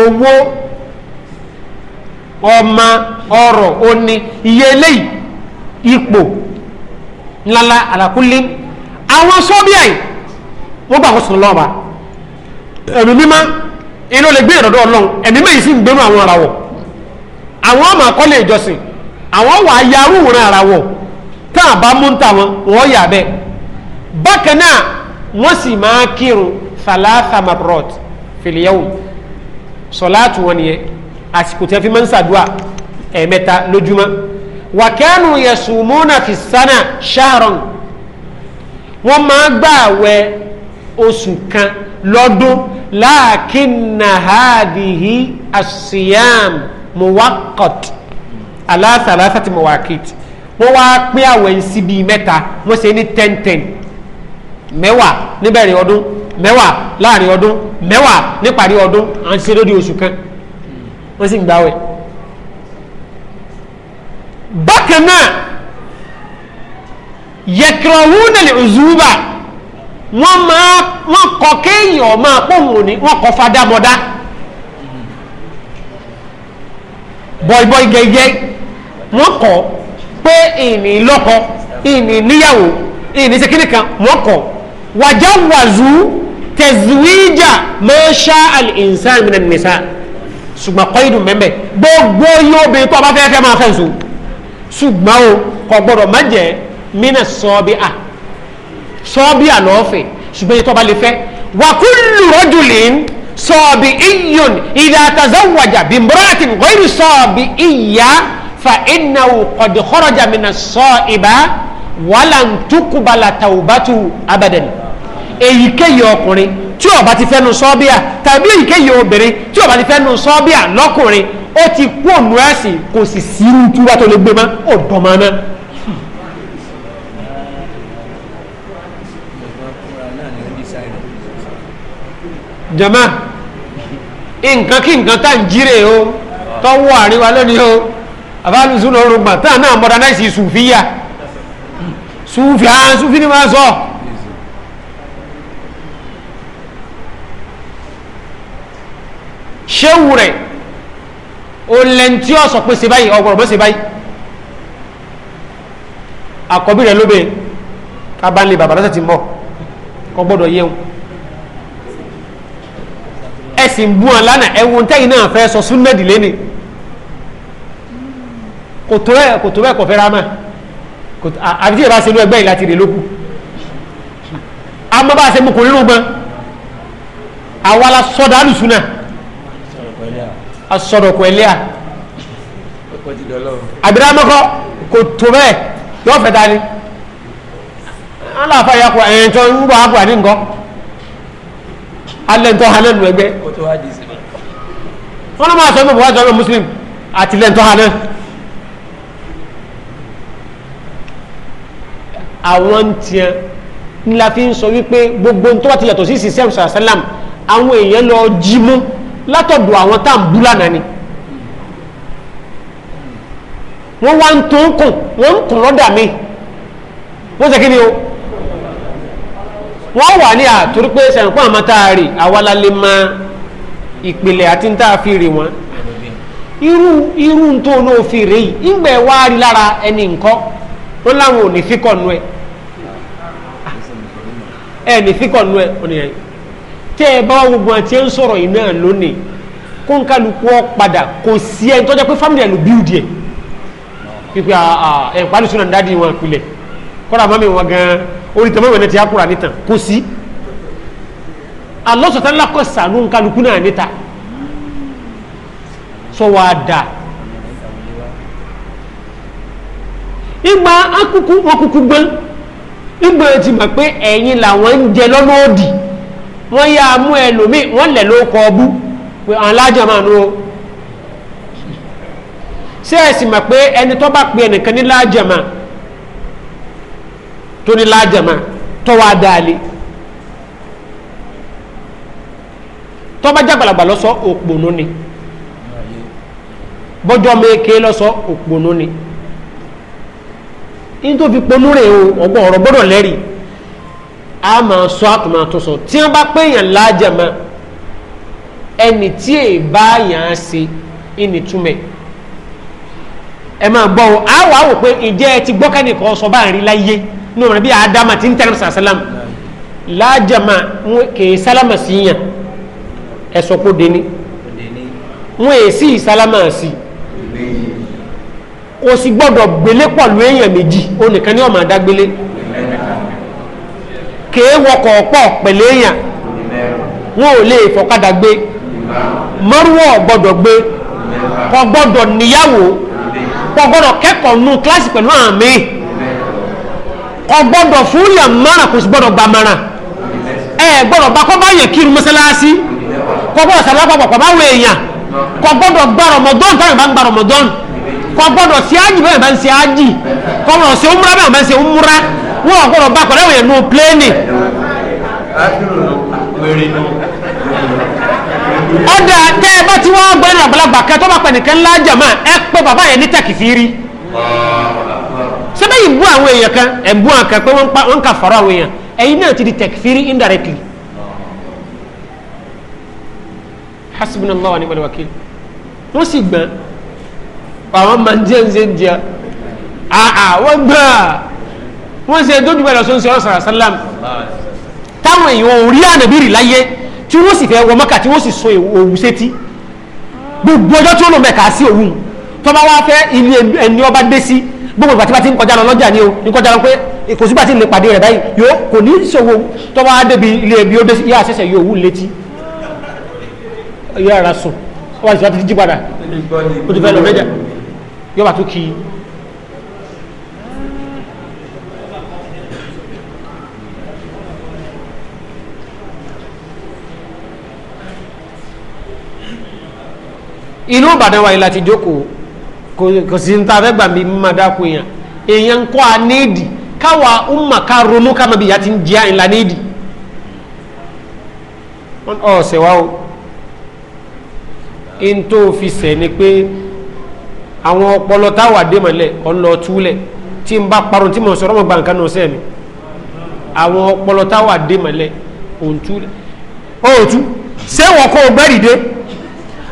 owó ọmọ ọrọ̀ òní iye eléyìí ipò ńláńlá àlàkúnlé àwọn sọ́bíà yìí wọ́n gbà wọ́sùn lọ́ọ̀bà ẹ̀mí mímá inú lè gbé ìrọ̀dọ́ ọlọ́run ẹ̀mí mẹ́yìn sí gbẹ́rù àwọn ara wọ̀ àwọn ọmọ àkọlé ìjọsìn àwọn wà á yarú ìran ara wọ̀ tá a bá mú ń tà wọn wọ́n yà bẹ́ẹ̀ bákan náà wọ́n sì máa kírun thalatha marrat fil yawm sọ̀láàtù wọn nìyẹn àsìkò tí wọ́n fi máa ń ṣàdúà ẹ̀ẹ̀mẹ́ta lójúmọ́ wàkẹ́nu yẹ̀sùmúnà fi sánà ṣáàrọ̀n wọ́n máa gbà àwẹ̀ oṣù kan lọ́dún láàkínà hádìhí àṣìyàm muwakot aláṣàlásàtì muwakit wọ́n wá pín àwẹ̀ sí bíi mẹ́ta wọ́n ṣe ní tẹ́ntẹ́n mẹ́wàá níbẹ̀rẹ̀ ọdún mẹ́wàá láàrin ọdún mẹ́wàá níparí ọdún à ń ṣe lórí oṣù kan wọ́n sì ń gbàwẹ̀ bákan náà yẹkìrọ̀hún lè zùúbà wọ́n máa wọ́n kọ kéèyàn máa pòhùn òní wọ́n kọ fadámọ́dá bọ̀ìbọ̀ì gẹ́gẹ́ wọ́n kọ pé ìní lọ́kọ ìní níyàwó ìní sekiri kan wọ́n kọ wàjá wàzú tẹ̀síwíjà mẹ́ṣá al-insan minan nisa ṣùgbọ́n kọ́ ìdùn gbogbo yóò bèèrè tó ọba fẹ́fẹ́ máa fẹ́ sùn ṣùgbọ́n o kò gbọ́dọ̀ má jẹ́ mina sọ́ọ́bí à sọ́ọ́bí à lọ́ọ̀fẹ̀ ṣùgbọ́n ètò ọba lè fẹ́ wa kullu rajulin sọ́ọ̀bì iyun idha tazawwaja bí muratin ghayru sọ́ọ̀bì ìyá fa innahu qad kharaja mina sọ́ọ̀ìbá walan tuqbala tawbatu abadan èyíkéyìí ọkùnrin tí ó bá ti fẹ́nu sọ́bíà tàbí èyíkéyìí obìnrin tí ó bá ti fẹ́nu sọ́bíà lọ́kùnrin ó ti kú ònú ẹ̀sìn kò sì sí ìtura tó lè gbé mọ́ ó dọ̀mọ́ náà. jama nǹkan kí nǹkan tá ń jíre o tọ́wọ́ àríwá lónìí o àbálùsùn lórúgbọ̀n tá náà mọ̀dánáìsì sùfíyà sùfíà ah, sùfí ni wọ́n sọ. So. ṣéwù rẹ̀ olèntí ọ̀sọ̀ pé ṣe báyìí ọgbọ̀rọ̀ bó ṣe báyìí àkọ́bí rẹ̀ lóbe kábàlì bàbá lọ́sẹ̀ ti mọ̀ kọ́ gbọ́dọ̀ yẹun ẹ̀sìn bú wọn lánàá ẹ̀wọ̀n tẹ́yìn náà fẹ́ sọ súnmẹ́dì lẹ́ni kò tó bẹ́ẹ̀ kò fẹ́ ra mọ́ àbí tí ìbá ṣe ló ẹgbẹ́ ìlàtì rè lókù àmọ́ bá ṣe mú kò rírun gbọ́n àwa asọ̀rọ̀ pẹ̀lẹ́ à abiramọ́kọ́ kò tó bẹ́ẹ̀ yọ fẹ́ ta ni aláfa ya kọ ẹ̀yìn tó ń bọ̀ á kọ́ àní nǹkan alẹ́ ń tọ́ halẹ́ nù ẹgbẹ́ wọn máa sọ pé bùhá sọ pé muslim àti lẹ́ ń tọ́ halẹ́ àwọn ń tiẹ̀ ńlá fi ń sọ wípé gbogbo ń tó bá ti yàtọ̀ sí sísẹ́m sàlám àwọn èèyàn lọ jí mú látọ̀dọ̀ àwọn tá à ń bú lánàá ni wọ́n wá ń tó ń kùn wọ́n ń kùn lọ́dà mi wọ́n ṣe kí ni o wọ́n wà ní àtúrí pé sẹ̀ǹpọ̀ àmọ́ tá a rì ìpìlẹ̀ àti tá a fi rì wọ́n irú irú tó ló fi rè yìí wá rí lára ẹni nǹkan wọ́n láwọn ò ní fíkọ̀ nù ẹ̀ ah, ẹ̀ ní fíkọ̀ nù ẹ̀ ó nìyẹn tẹ́ ẹ bá gbogbo àti ẹ ń sọ̀rọ̀ yìí náà lónìí kó ń kálukú ọ padà kò sí ẹ tọ́jà pé fámìlì ẹ̀ ló bí ìdí ẹ̀ pípẹ́ ah, ah, ẹ̀ pálí sùnà dáàdi wọn pilẹ̀ kọ́ra mọ́mí wọn gan-an orí tẹ̀mọ́ ìwé náà ti á kúrà nítan kò sí alọ́sọ̀tà ńlá kọ́ sànú ń náà níta sọ wàá dáa ìgbà akuku wọn kuku gbọ́n ìgbà tí mọ̀ pé ẹ̀yin làwọn ń jẹ lọ́nà wọ́n yá amú ẹlòmíì wọ́n lẹ̀ ló kọ ọbú pé àwọn alájà máa nú o ṣé ẹ sì mọ̀ pé ẹni tó bá pe ẹnìkan ní lájàmá tó ní lájàmá tó wá dáálé tó bá jágbàlagbà lọ́sọ òpònú ni bọ́jọ́ mẹ́kẹ́ lọ́sọ òpònú ni ní tó fi rẹ̀ o ọgbọ́n ọ̀rọ̀ gbọ́dọ̀ lẹ́rìí a máa sọ àtúmọ̀ tó sọ tí wọ́n bá pé èèyàn lájàmọ́ ẹni tí èè bá yàn án ṣe ìní túmẹ̀ ẹ máa gbọ́ o a wàá wò pé ìjẹ́ ẹ ti gbọ́kẹ́ni kan sọ bá ń rí láyé ní òun rẹ̀ bí àádámà tí ń tẹ́lẹ̀ sàṣálàmù lájàmà kèé sálámà sí yàn ẹ sọ kó deni wọn èsì sálámà sí kò sì gbọ́dọ̀ gbélé pọ̀lú èèyàn méjì onìkan ni ó máa dá gbélé kèé wọkọ̀ ọ̀pọ̀ pẹ̀lẹ́ èèyàn wọn ò lè fọ̀kadà gbé mọ́rúwọ̀ gbọ́dọ̀ gbé kò gbọ́dọ̀ níyàwó kò gbọ́dọ̀ kẹ́kọ̀ọ́ nù kíláàsì pẹ̀lú àwọn míì kò gbọ́dọ̀ fún yàn mara kò sì gbọ́dọ̀ gbà mara ẹ gbọ́dọ̀ bá kọ́ bá yẹ kírun mọ́sálásí kò gbọ́dọ̀ sàlápapọ̀ kọ́ bá wọ èèyàn kò gbọ́dọ̀ gba rọmọdọ́n táwọn ìbá ń gba rọmọdọ́n kò gbọ́dọ̀ sí ájì bẹ́ẹ̀ bá ń ṣe ájì kò gbọ́dọ̀ sí umra bẹ́ẹ̀ bá ń ṣe umra wọn ọ̀gbọ́dọ̀ bá pẹ̀lú àwọn ẹ̀nu pléènì. ọ̀dà tẹ́ ẹ bá ti wọ́n gbọ́ ẹnu àgbàlagbà kẹ́ tó bá pẹ̀ nìkan ńlá jàmá ẹ pé bàbá yẹn ní tẹ̀kìfìrí. sẹ́bẹ̀ yìí bú àwọn èèyàn kan ẹ̀ bú àwọn kan pé wọ́n ń kà fọ́rọ̀ àwọn èèyàn ẹ̀yin náà ti di tẹ̀kìfìrí indirectly. hasbunallahu wa ni'mal wakil wọ́n sì gbọ́n àwọn máa ń jẹ́ ń ṣe ń jẹ́ àà wọ́n gbọ́n wọ́n ṣe dójú bẹ̀rẹ̀ sọ́n ṣe ọ̀sán àṣálàm táwọn èèyàn orí ànàbírì láyé tí wọ́n sì fẹ́ wọ mọ́kà tí wọ́n sì so òwú sétí gbogbo ọjọ́ tí ó lò mẹ́ka sí òwú tọ́ba wá fẹ́ ilé ẹni ọba dé sí gbogbo ìgbà tí bá ti ń kọjá lọ lọ́jà ni o ń kọjá lọ pé kò sígbà tí ń lè pàdé rẹ̀ báyìí yóò kò ní ṣòwò tọ́ba á débi ilé ẹbí ó dé sí yá àṣẹṣẹ yóò wú létí yóò ara sùn wọ́n ti jí padà ó ti fẹ́ lọ lọ́jà ìlú ìbàdàn wa yìí láti jókòó kò sí ní ta fẹ́ gbà mí má dákun yẹn èèyàn kọ́ a níìdì káwa umma ká ronú ká mọbi yàtí ń jẹ́ àyìnlá níìdì ọ̀sẹ̀ wa o n tó fi sẹ̀ ni pé àwọn ọpọlọ táwa dé mọ́lẹ̀ ọlọ́ túlẹ̀ tí n bá parun tí mo sọ̀rọ̀ mo gba nǹkan náà sẹ́ẹ̀ mi àwọn ọpọlọ táwa dé mọ́lẹ̀ òǹtúlẹ̀ òòtú ṣé wọ́n kó o gbẹ́rìí dé.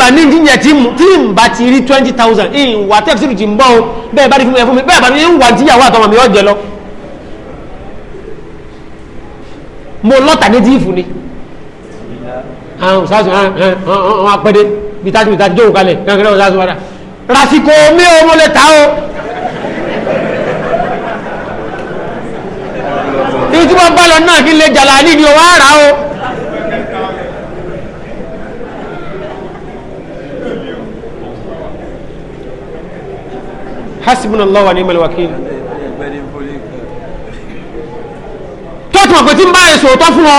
bá ní jíjẹ tí n bá ti rí twenty thousand in wà tẹ́fsìrì ti ń bọ́ o bẹ́ẹ̀ bá rí fún mi fún mi bẹ́ẹ̀ bá rí ń wà tíyàwó àtọmọ mi ọ̀jẹ̀ lọ. mo lọ́tà ní tí ìfún ni àwọn sàásùn àwọn apẹ́dẹ́ bíi tájú ìtajú jókòó kalẹ̀ kankan náà sàásùn wàdà ràsìkò mi ò mo lè ta o. ìtumọ̀ balọ̀ náà kí n lè jàlá ní ni o wá rà o. hasbunallahu wa ni'mal wakil tó tún ọ̀pẹ tí ń bá èso tọ́ fún ọ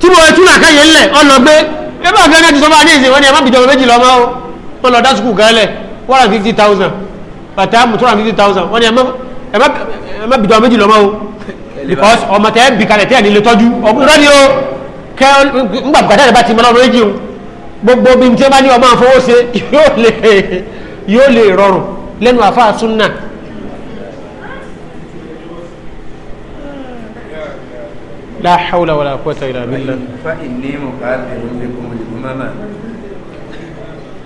tí mo tún nàka yẹn lẹ̀ ọ lọ gbé ẹ bá gbé náà ti sọ fún adéyèsè wọn ni ẹ má bìjọba méjì lọ́mọ o wọn lọ dá sukù gálẹ̀ one hundred fifty thousand bàtà mu two hundred fifty thousand wọn ni ẹ má bìjọba méjì lọ́mọ o because ọmọ tẹ bì kalẹ̀ tẹ ẹ nílé tọ́jú ọgbọ́n ni o kẹ ńgbà bùkátà rẹ bá ti mọ náà méjì o gbogbo bí n tẹ́ bá ní ọmọ àfọwọ́sẹ yóò lè rọrùn lẹ́nu àfáà súnà la hawla wala quwwata illa billah fa inni muqatilun bikum al-umama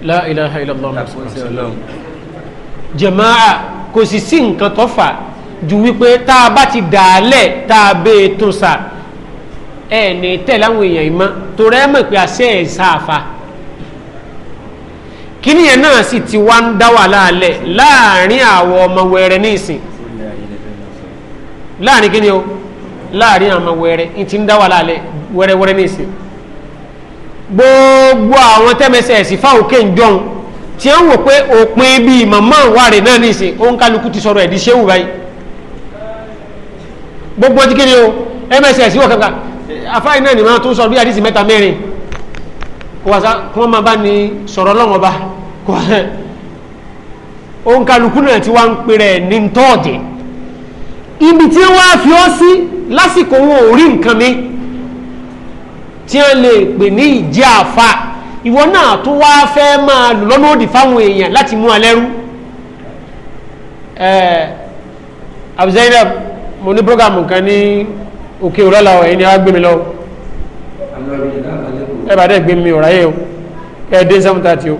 la ilaha illallah jama'a kò sì sí nǹkan tó fà ju wípé tá a bá ti dàálẹ̀ tá a bẹ́ẹ̀ tó sa ẹ̀ ní tẹ̀láwọn èèyàn ìmọ̀ torí mọ̀ pé àṣẹ ẹ̀ sáà kíní yẹn náà sì ti wá ń dá wà láàlẹ̀ láàrin àwọn ọmọ wẹrẹ ní ìsìn láàrin kíní o láàrin àwọn ọmọ wẹrẹ ní ti ń dá wà láàlẹ̀ wẹrẹwẹrẹ ní ìsìn gbogbo àwọn tẹ́mẹsẹ̀ sí fáwọkẹ́ ìjọun tí ó ń wò pé òpin bí màmá wà náà ní ìsìn ó ń kálukú ti sọ̀rọ̀ ẹ̀dí ṣéwù báyìí gbogbo ti kíní o mss wọ̀ kankan afáyín náà ni wọ́n tún sọ bí àdìsí mẹ́ta mẹ́rin wàsá kí wọ́n máa bá ní sọ̀rọ̀ lọ́wọ́ bá kò hàn òun kálukú náà ti wá ń pèrè ní tọ́ọ̀dẹ̀ ibi tí wọ́n á fi ọ́ sí lásìkò wọn ò rí nǹkan mi tí wọ́n lè pè ní ìjẹ́ àfa ìwọ náà tó wá fẹ́ máa lò lọ́nà òdì Abu Zainab mo ní program kan ní òkè òlọ́lá ẹ̀yìn ni wọ́n á ẹ bá dẹ̀ gbé mi ò ráyè o kẹ́ ẹ dé seven thirty o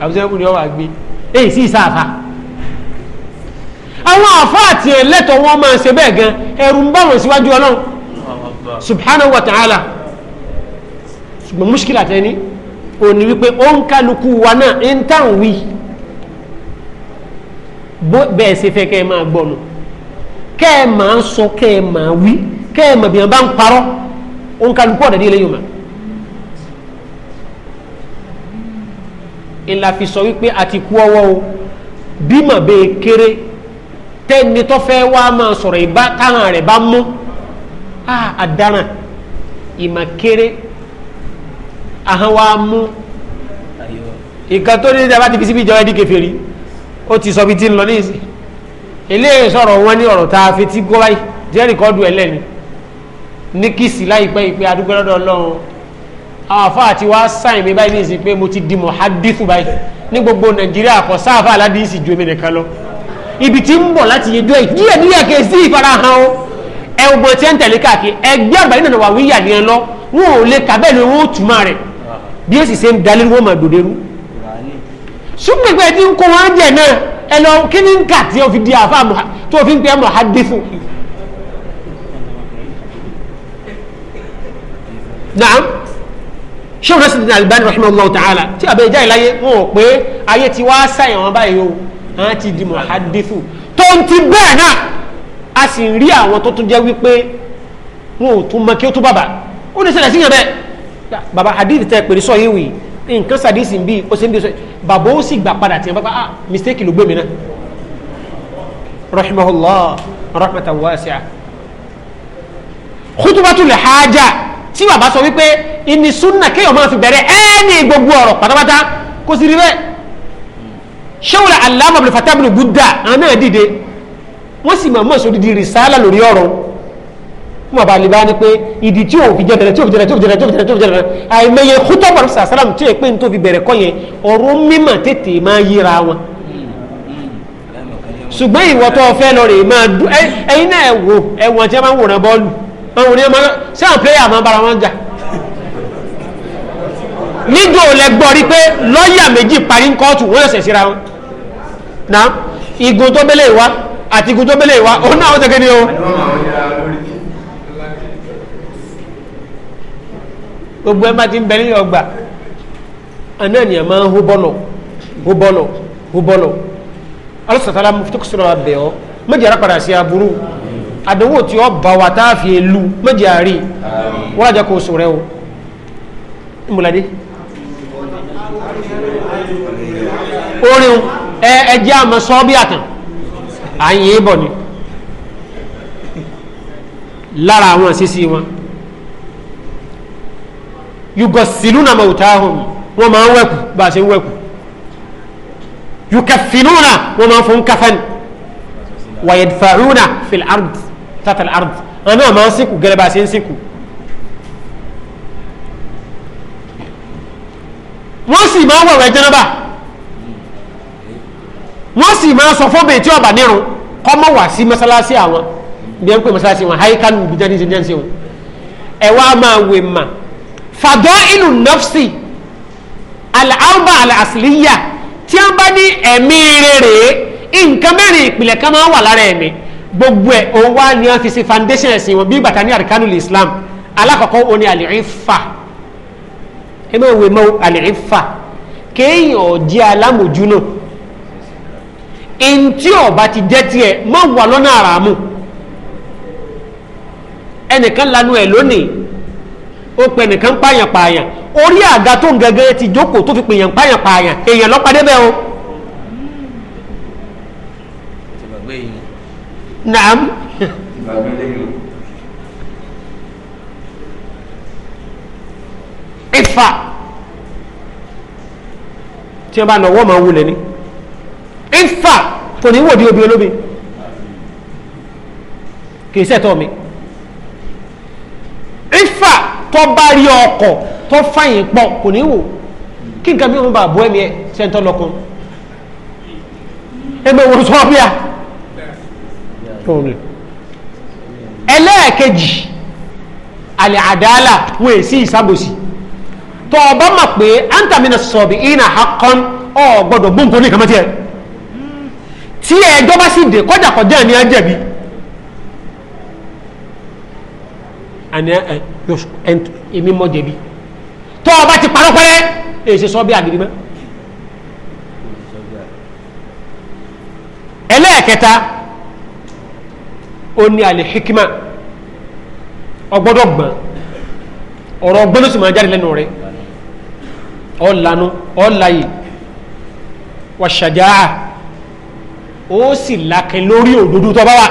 àbúsẹ́kù ni ọ wà gbé èyí sì sáfà àwọn àfa àti ẹlẹ́tọ̀ wọn máa ṣe bẹ́ẹ̀ gan ẹ̀rù ń bá wọn síwájú ọlọ́run subhanahu wa ta'ala ṣùgbọ́n mushkila tẹ́ni òní wípé ó ń kálukú wa náà ń tàn wí bẹ́ẹ̀ ṣe fẹ́ kẹ́ ẹ máa gbọ́nu kẹ́ ẹ máa sọ kẹ́ ẹ máa wí kẹ́ ẹ mọ̀ bí wọn bá ń parọ́ ònkàlùkù ọ̀dẹ̀dẹ̀ ilé yóò mọ̀ ìlà fi sọ wípé àti kú ọwọ́ o bímọ bẹ́ẹ̀ kéré tẹ́ni tó fẹ́ wá máa sọ̀rọ̀ ìbá táwọn rẹ̀ bá mú àdáràn ìmọ̀ kéré àhán wa mú ìkan tó ní ìjọba ti fi síbi ìjọba ẹdí kèfèrí ó ti sọ bí ti ń lọ ní ìsìn eléyìí sọ̀rọ̀ wọn ní ọ̀rọ̀ tá a fi ti gbọ́ báyìí jẹ́rìí kọ́ du ní kìsì láìpẹ́ ìpè adúgbò lọ́dọ̀ ọlọ́run àwọn àfa àti wá sáyìn mi báyìí ní ìsìn pé mo ti di mọ̀hádìfù báyìí ní gbogbo nàìjíríà kọ sáfà aládìsí ju èmi nìkan lọ ibi tí ń bọ̀ láti yejọ́ ẹ̀ díẹ̀ díẹ̀ kì í sí ìfarahàn o ẹ gbọ́n tí ẹ ń tẹ̀lé káàkiri ẹgbẹ́ àgbáyé náà wà wíyà ní ẹ lọ wọn ò lè kà bẹ́ẹ̀ ni wọn ò túmọ̀ rẹ̀ bí èsì ṣe ń dalẹ́ wọn máa dòdèrú ṣùgbọ́n ìgbà tí ń kó wọn jẹ náà ẹ lọ kí ni ń kà tí o fi di àfa tó o fi ń pẹ́ mọ̀hádìfù naam sheikh nasiruddin albani rahimahullahu ta'ala tí abẹ́jà ìláyé wọn ò pé ayé ti wá sáyẹn wọn báyìí o àwọn ti di muhadithu tó ń ti bẹ́ẹ̀ náà a sì ń rí àwọn tó tún jẹ́ wípé wọn ò tún mọ kí ó tún bàbà ó ní ṣẹlẹ̀ síyàn bẹ́ẹ̀ bàbá hadith tẹ́ pèrè sọ yìí wì nǹkan sàdísì ń bí ó ṣe ń bí sọ bàbá ó sì gbà padà tiẹ̀ ah mistake ló gbé mi náà rahimahullah rahmatan wasi'a khutbatul haja tí bàbá sọ wípé ìní súnà kéèyàn máa fi bẹ̀rẹ̀ ẹni gbogbo ọ̀rọ̀ pátápátá kò sì rí bẹ́ẹ̀ ṣéwùlà aláàmà fatabìlì buddha àwọn náà dìde wọ́n sì máa mọ̀ sórí di rìsálà lórí ọ̀rọ̀ mo bá libá ni pé ìdí tí òfin jẹ tẹlẹ tí òfin jẹ tẹlẹ tí òfin jẹ tẹlẹ tí òfin jẹ tẹlẹ àìmọye kútọ́bọ̀ sàsálàm tí èpè tó fi bẹ̀rẹ̀ kọ́ yẹn ọ̀rọ̀ mímọ̀ tètè máa yíra wọn. ṣùgbọ́n ìwọ fẹ́ lọ rè máa dún ẹ̀yin náà wò ẹ̀wọ̀n tí wọ́n máa ń wòran bọ́ọ̀lù àwọn oníyẹn máa ṣé àwọn pléyà máa bára wọn jà níjó lẹ gbọ́ rí pé lọ́ọ̀yà méjì parí ń kóòtù wọ́n yọ̀sẹ̀ síra wọn náà igun tó bẹ́lẹ̀ wá àti igun tó bẹ́lẹ̀ wá òun náà ó tẹ́kẹ́ ni o. gbogbo ẹ má ti ń bẹ nílẹ̀ ọgbà àná ni a máa ń hó bọ́nà hó bọ́nà hó bọ́nà alásàtàlá tó kó sọ̀rọ̀ abẹ́ ọ méjì ara padà sí aburú àdánwò tí ó bá wa tá a fi lu méjì àárín wọ́n lájẹ́ kó sọ rẹ o ìmúladé orin ẹjẹ́ àmọ́ sọ bí àtàn àyìn ìbọn ni lára àwọn àṣìṣe wọn yugosiluna mautahum wọn máa ń wẹ̀kù bá a ṣe ń wẹ̀kù yukafinuna wọn máa ń fún kafan wàyẹ̀dfàrúnà fil ard tata al-ard àwọn náà máa ń sìnkú gẹ́lẹ́ bá a ṣe ń sìnkú. wọ́n sì máa wọ̀wẹ̀ jẹ́nàbà wọ́n sì máa sọ fún bèètì ọ̀bà nírun kọ́ mọ̀ wá sí mọ́sálásí àwọn bí wọ́n pè mọ́sálásí wọn haikal ní ìbíjẹ́ ní ìṣẹ́ jẹ́nsẹ́ wọn ẹ̀ wá máa wè mà fàdọ́ inú nọ́fsì al-arba tí wọ́n bá ní ẹ̀mí rere nǹkan mẹ́rin ìpìlẹ̀ kan máa wà lára ẹ̀mí gbogbo ẹ̀ òun wá ní wọ́n fi ṣe foundation ẹ̀sìn wọn bí ìgbà ta ní àríkánul Islam alákọ̀ọ́kọ́ òun ni àlìrífà ẹ máa wè mọ́ àlìrífà kéèyàn jẹ́ alámòjú náà ntí ọba ti jẹ́ tiẹ̀ má wà lọ́nà àràmù ẹnìkan lanu ẹ̀ lónìí ó pe ẹnìkan pààyàn pààyàn orí àga tó ń gẹ́gẹ́ ti jókòó tó fi pèèyàn pààyàn pààyàn èèyàn lọ́pàdé bẹ́ẹ̀ o. naam ifa tí wọ́n bá nà ọwọ́ máa wulẹ̀ ni ifa kò ní wòdi obi olómi kì í sẹ́tọ̀ mi ifa tó bá rí ọkọ̀ tó fàyìn pọ̀ kò ní wò kí nǹkan bí wọn bá bọ́ ẹ̀mí ẹ̀ sẹ́ńtọ́ lọ́kùn ẹgbẹ́ wọn sọ ọ́ bíyà tóun ẹlẹ́ẹ̀kejì alẹ́ àdáàlà wọ́n èsì ìsábòsì tọ́ ọba mọ̀ pé antamina sọ̀bì ina hakan ọ̀ gbọ́dọ̀ gbóǹkó ní ìkàmọ́tì ẹ̀ tí ẹjọ́ bá sì dé kọjá kọjá ní ajẹ́bi èmi mọ̀ jẹ̀bi tọ́ ọba ti parọ́ pẹ́rẹ́ èsì sọ́bì àgídí mọ́ ẹlẹ́ẹ̀kẹta ó ní alẹ́ hikima ọgbọ́dọ̀ gbọ́n ọ̀rọ̀ ọgbọ́n ló sì máa jáde lẹ́nu rẹ̀ ọ̀lànà ọ̀làyè wàṣàjáà ó sì lákẹ́ lórí òdodo tó bá wà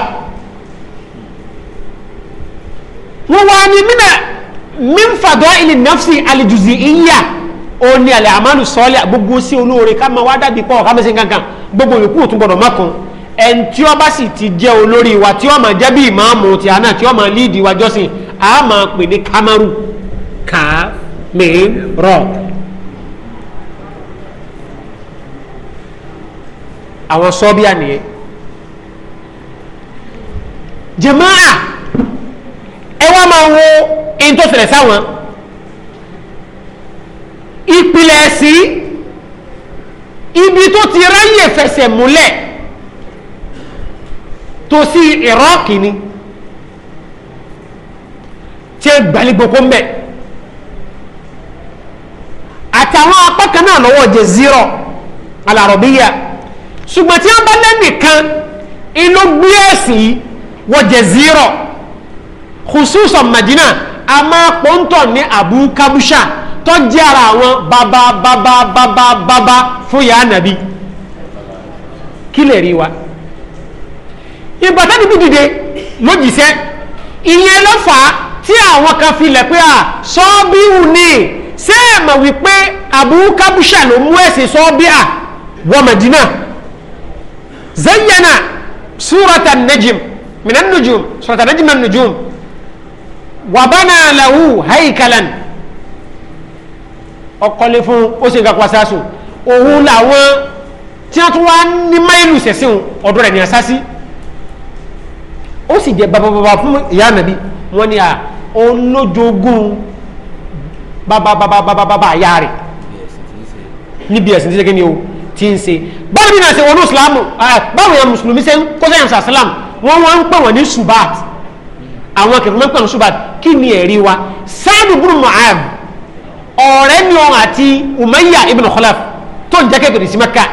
wọ́n wá ní mímẹ mímfàdọ́ ilẹ̀ nafsi alìjùzì ìyá ó ní alẹ́ àmàlù sọ́ọ́lẹ̀ gbogbo sí olóore ká máa wá dàbí pọ̀ ká máa kankan gbogbo yòókù òtún gbọ́dọ̀ má ẹni tí ó bá sì ti jẹ́ olórí wa tí ó máa jẹ́ bí ìmáàmù ti àná tí ó máa líìdì wa jọ́sìn a máa pè ní kamaru kàmírọ̀. àwọn sọ́bíà nìyẹn jẹ̀máà ẹ wá máa wo ẹni tó ṣẹlẹ̀ sáwọn ìpìlẹ̀ sí ibi tó ti ráyè fẹsẹ̀ múlẹ̀ tòsí iraq ni tí ẹ gbàlégbò kó ń bẹ àtàwọn apá kan náà lọ́wọ́ jazira alárọ̀bíyà ṣùgbọ́n tí wọ́n bá lẹ́nìkan inú gbé ẹ̀sìn wọ jazira khususan madina a máa pọ́ńtọ̀ ní abu kabusha tó jẹ́ ara àwọn bàbá bàbá bàbá bàbá fún yàrá nàbí kí lè rí wa ìbàtà níbi dìde ló jìṣẹ́ ìyẹn ló fà á tí àwọn kan filẹ̀ pé à sọ́ọ́bíù ni ṣé ẹ mọ̀ wípé àbúkábùṣà ló mú ẹ̀sìn sọ́ọ́bíà wọ Mẹ̀dínà zayyana surata najim minan nujum surata najim minan nujum wa bana lahu haikalan ọkọlé fún ó sì ń kakọ asáàsùn òun làwọn tí wọ́n tún wá ní máìlù sẹ̀sìn ọ̀dọ́ rẹ̀ ní asásí ó sì jẹ babababa fún ìyá ànàbí wọn ni à òun ló jogún babababababa àyà rẹ níbi ẹ̀sìn tí ṣe kíni o ti ń ṣe báwo ni àṣẹ wọnú ìsìlámù báwo yẹn mùsùlùmí ṣe ń kó sẹ́yìn sàṣìlám wọn wọn ń pè wọn ní subat àwọn kẹfìmọ́ ń pè wọn ní subat kí ni ẹ̀rí wa sáàdù bùrù mọ̀ọ́b ọ̀rẹ́ ni òun àti umayya ibn khalaf tó ń jẹ́ kékeré sí mẹ́ka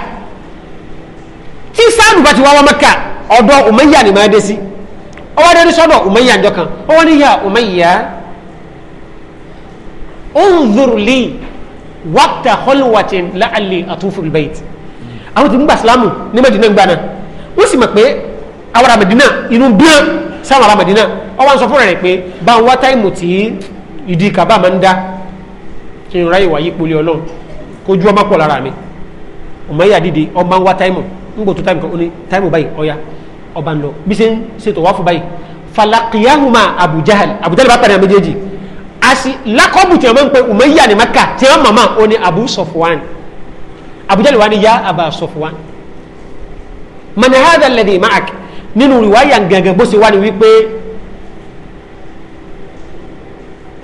tí sáàdù bá ti wá wá mẹ́ka ọ̀dọ̀ umayya ni máa dé sí ọwọ́ adé sọ́dọ̀ Umayya njọ́ kan ọwọ́ ní ya Umayya unzur li waqta khulwatin la'alli atufu albayt àwọn tí ń gba sílámù ní Mẹ́dínà gbà náà wọ́n sì mọ̀ pé àwọn àmàdínà inú bíọ́ sáwọn àmàdínà ọwọ́ ń sọ fún rẹ̀ pé bá ń wá táìmù tí ìdí kàbá máa ń dá kí n ráyè wáyé poli ọlọ́run kójú ọmọ pọ̀ lára mi Umayya dìde ọmọ ń wá táìmù ń gbòtú táìmù kan ó ní táìmù báyìí ọ̀ya ọba ń lọ bí ṣe ń ṣètò wá fún báyìí falakiyahuma Abu Jahal Abu Jahal bá pàdé àwọn méjèèjì asi lakọbu tí wọ́n máa ń pè Umayya ní Maka tí wọ́n mama ó ní Abu Safwan Abu Jahal wá ní ya Aba Safwan man hadha alladhi ma'ak nínú riwaya gangan bó ṣe wá ní wípé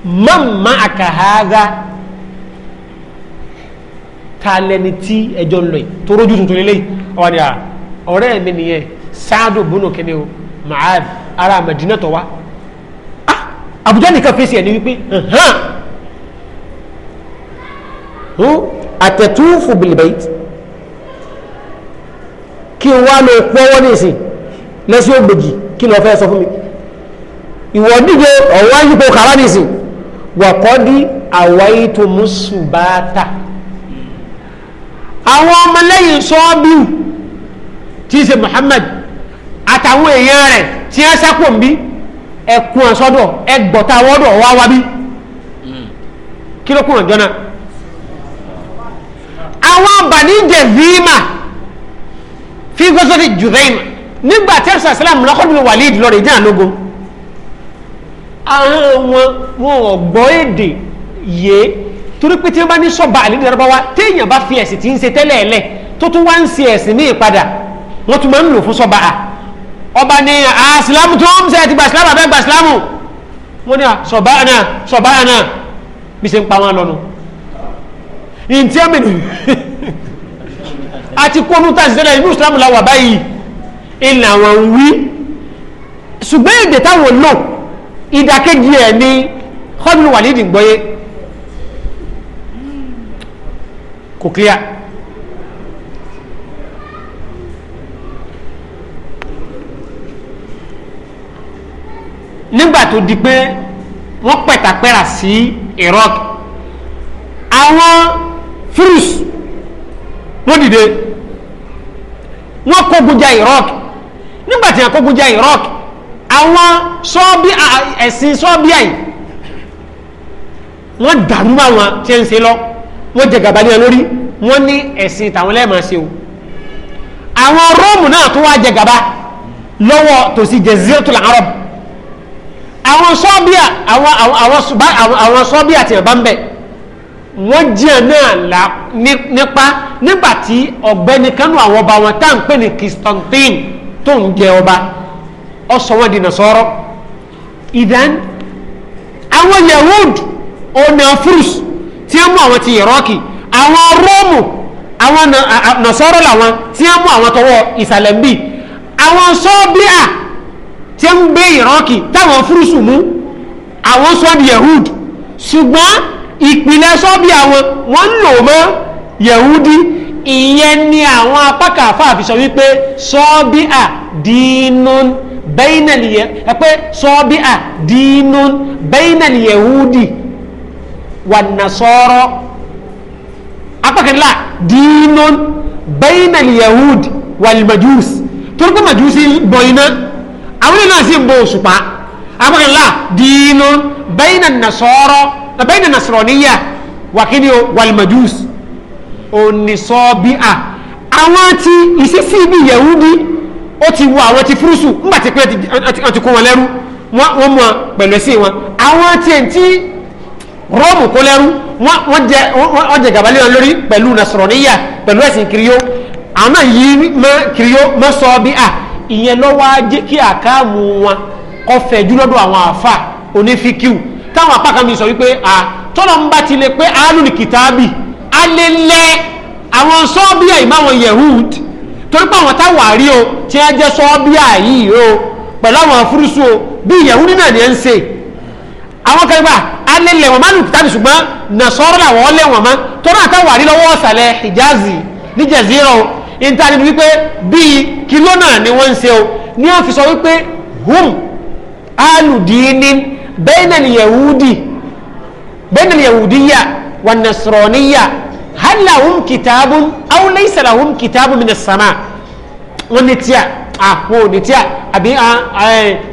man ma'aka hadha ta lẹni tí ẹjọ́ ń lọ yìí tó rójú tuntun lélẹ́yìí ọ̀rẹ́ mi nìyẹn sáádù bùnú kíni o màáàdì ara Mẹdínà tó wá Àbújá ah, nìkan fèsì ẹ̀ ní wípé àtẹ̀túfù bìlìbẹ̀t kí n wá lè pọ́wọ́ ní ìsìn lẹ́sí ògbèjì kí lọ fẹ́ sọ fún mi ìwọ díje ọ̀wá yípo kàrá ní ìsìn wàkọ́dí àwáyítò mùsùbáta àwọn ọmọlẹ́yìn sọ́ọ́bíù tí í ṣe Muhammad àtàwọn èèyàn rẹ̀ tí wọ́n sápò ń bí ẹ̀kún àsọdọ̀ ẹgbọ̀ta wọ́dọ̀ wá wá bí kí ló kún ọ̀jọ́ náà àwọn bàní jẹ̀zímà fi gọ́sọ́dì jùdẹ́ìmà nígbà tí ẹ̀sà sálàm lọ́kọ́dún wàlíd lọ́rẹ̀ ìjà lógún àwọn wọn wọn ọ̀gbọ́ èdè yìí torí pé tí wọ́n bá ní sọ́ba àlídìí Lárúbáwá téèyàn bá fi ẹ̀sìn tí ń ṣe tẹ́lẹ̀ ẹ̀lẹ́ tó tún wá ń ṣe ẹ̀sìn ní ìpadà wọ́n tún máa ń lò fún sọ́ba à ọba ní àsìlámù tó ń sẹ́ ti gbà sílámù abẹ́ gbà sílámù wọ́n ní sọ̀báàna sọ̀báàna bí ṣe ń pa wọn lọ́nu ìntí ẹ̀mìnì àti kónú tàṣí sẹ́lẹ̀ ìlú ìsìlámù làwà báyìí ìlà wọn wí ṣùgbọ́n èdè táwọn lò ìdàkejì ẹ̀ ní Khalid Walid gbọ́yé kò clear nígbà tó di pé wọ́n pẹ̀tàpẹ́rà sí Iraq àwọn furus wọ́n dìde wọ́n kógunjà Iraq nígbà tí wọ́n kógunjà Iraq àwọn sọ́ọ́bí ẹ̀sìn sọ́ọ́bí àyè wọ́n dàrú àwọn tí ń ṣe lọ wọ́n jẹ gàba nílẹ̀ lórí wọ́n ní ẹ̀sìn tàwọn lẹ́ẹ̀mọ́ ṣe o àwọn Róòmù náà tó wá jẹ gàba lọ́wọ́ tòsí Jaziratul Arab àwọn sọ́bíà àwọn sọ́bíà tí ẹ̀bá ń bẹ̀ wọ́n jẹ́ náà là nípa nígbàtí ọ̀gbẹ́ni kánú àwọn ọba wọn tá à ń pè ní Constantine tó ń jẹ ọba ọsọ wọn dìnnà sọ́rọ́ ìdán àwọn Yahud onafrus tí wọ́n mú àwọn ti yẹ̀rọ́ọ̀kì àwọn Róòmù àwọn nàṣọ́rọ́ làwọn tí wọ́n mú àwọn tọwọ́ ìsàlẹ̀ ń bì àwọn sọ́bíà tí ń gbé ìrọ́kì táwọn fúrúsù mú àwọn sọ́ọ̀dì yehud ṣùgbọ́n ìpìlẹ̀ sọ́ọ̀bì àwọn wọ́n ń lò mọ́ yehudi ìyẹn ni àwọn apákà àfáàfi sọ wípé sọ́ọ̀bì à dínún bẹ́ẹ̀nẹ̀lì yẹ ẹ pé sọ́ọ̀bì à dínún bẹ́ẹ̀nẹ̀lì yehudi wà nasọ́rọ́ apákanilá dínún bẹ́ẹ̀nẹ̀lì yehudi wà lìmọ̀júùsì torí pé mọ̀júùsì bọ̀ iná àwọn èèyàn náà sì ń bo òṣùpá abúlé dìínú bẹ́yìn nàṣọ́rọ́ bẹ́yìn nàṣọ́rọ́ níyà wàkíní o walmadus onisọ́bíà àwọn tí ìṣesí ibi yẹ̀wúdí ó ti wọ àwọn ti fúrúsù ńgbà tí pé wọ́n ti kó wọn lẹ́rú wọ́n mọ pẹ̀lú ẹ̀sìn wọn àwọn tí ẹ̀ tí rọ́ọ̀mù kó lẹ́rú wọ́n jẹ gàbálẹ́ wọn lórí pẹ̀lú nàṣọ́rọ́ níyà pẹ̀lú ẹ̀sìn kìrìyó àwọn yìí mọ́ kìrìyó mọ́ sọ́bíà ìyẹn lọ wá jẹ́ kí àkáàmù wọn kó fẹ̀jú lọ́dọ̀ àwọn àfà onífíkíù táwọn apá kan mi sọ wípé à tọ́nà ń bá ti lè pé alùlù kìtàbì alẹ́ lẹ́ àwọn sọ́ọ́bíà ìmáwọn yehud torí pé àwọn táwọn àrí o tí wọ́n jẹ́ sọ́ọ́bíà yìí o pẹ̀lú àwọn afúrúsù o bí yehud náà ni ẹ̀ ń ṣe àwọn kan gbà alẹ́ lẹ̀ wọ́n kìtàbì ṣùgbọ́n nàṣọ́rọ̀ làwọn ọlẹ́ wọn mọ́ tọ́nà àtàwọn àrí hijazi ní jẹ̀zírọ̀ ìntàní wípé bíi kìló náà ni wọ́n ń ṣe o ní à ń fi sọ wípé hum alùdíní bainal yahudi bainal yahudiyya wan nasraniyya hal lahum kitabun aw laysa lahum kitabun minas sama wọ́n ní tíà àpò ní tíà àbí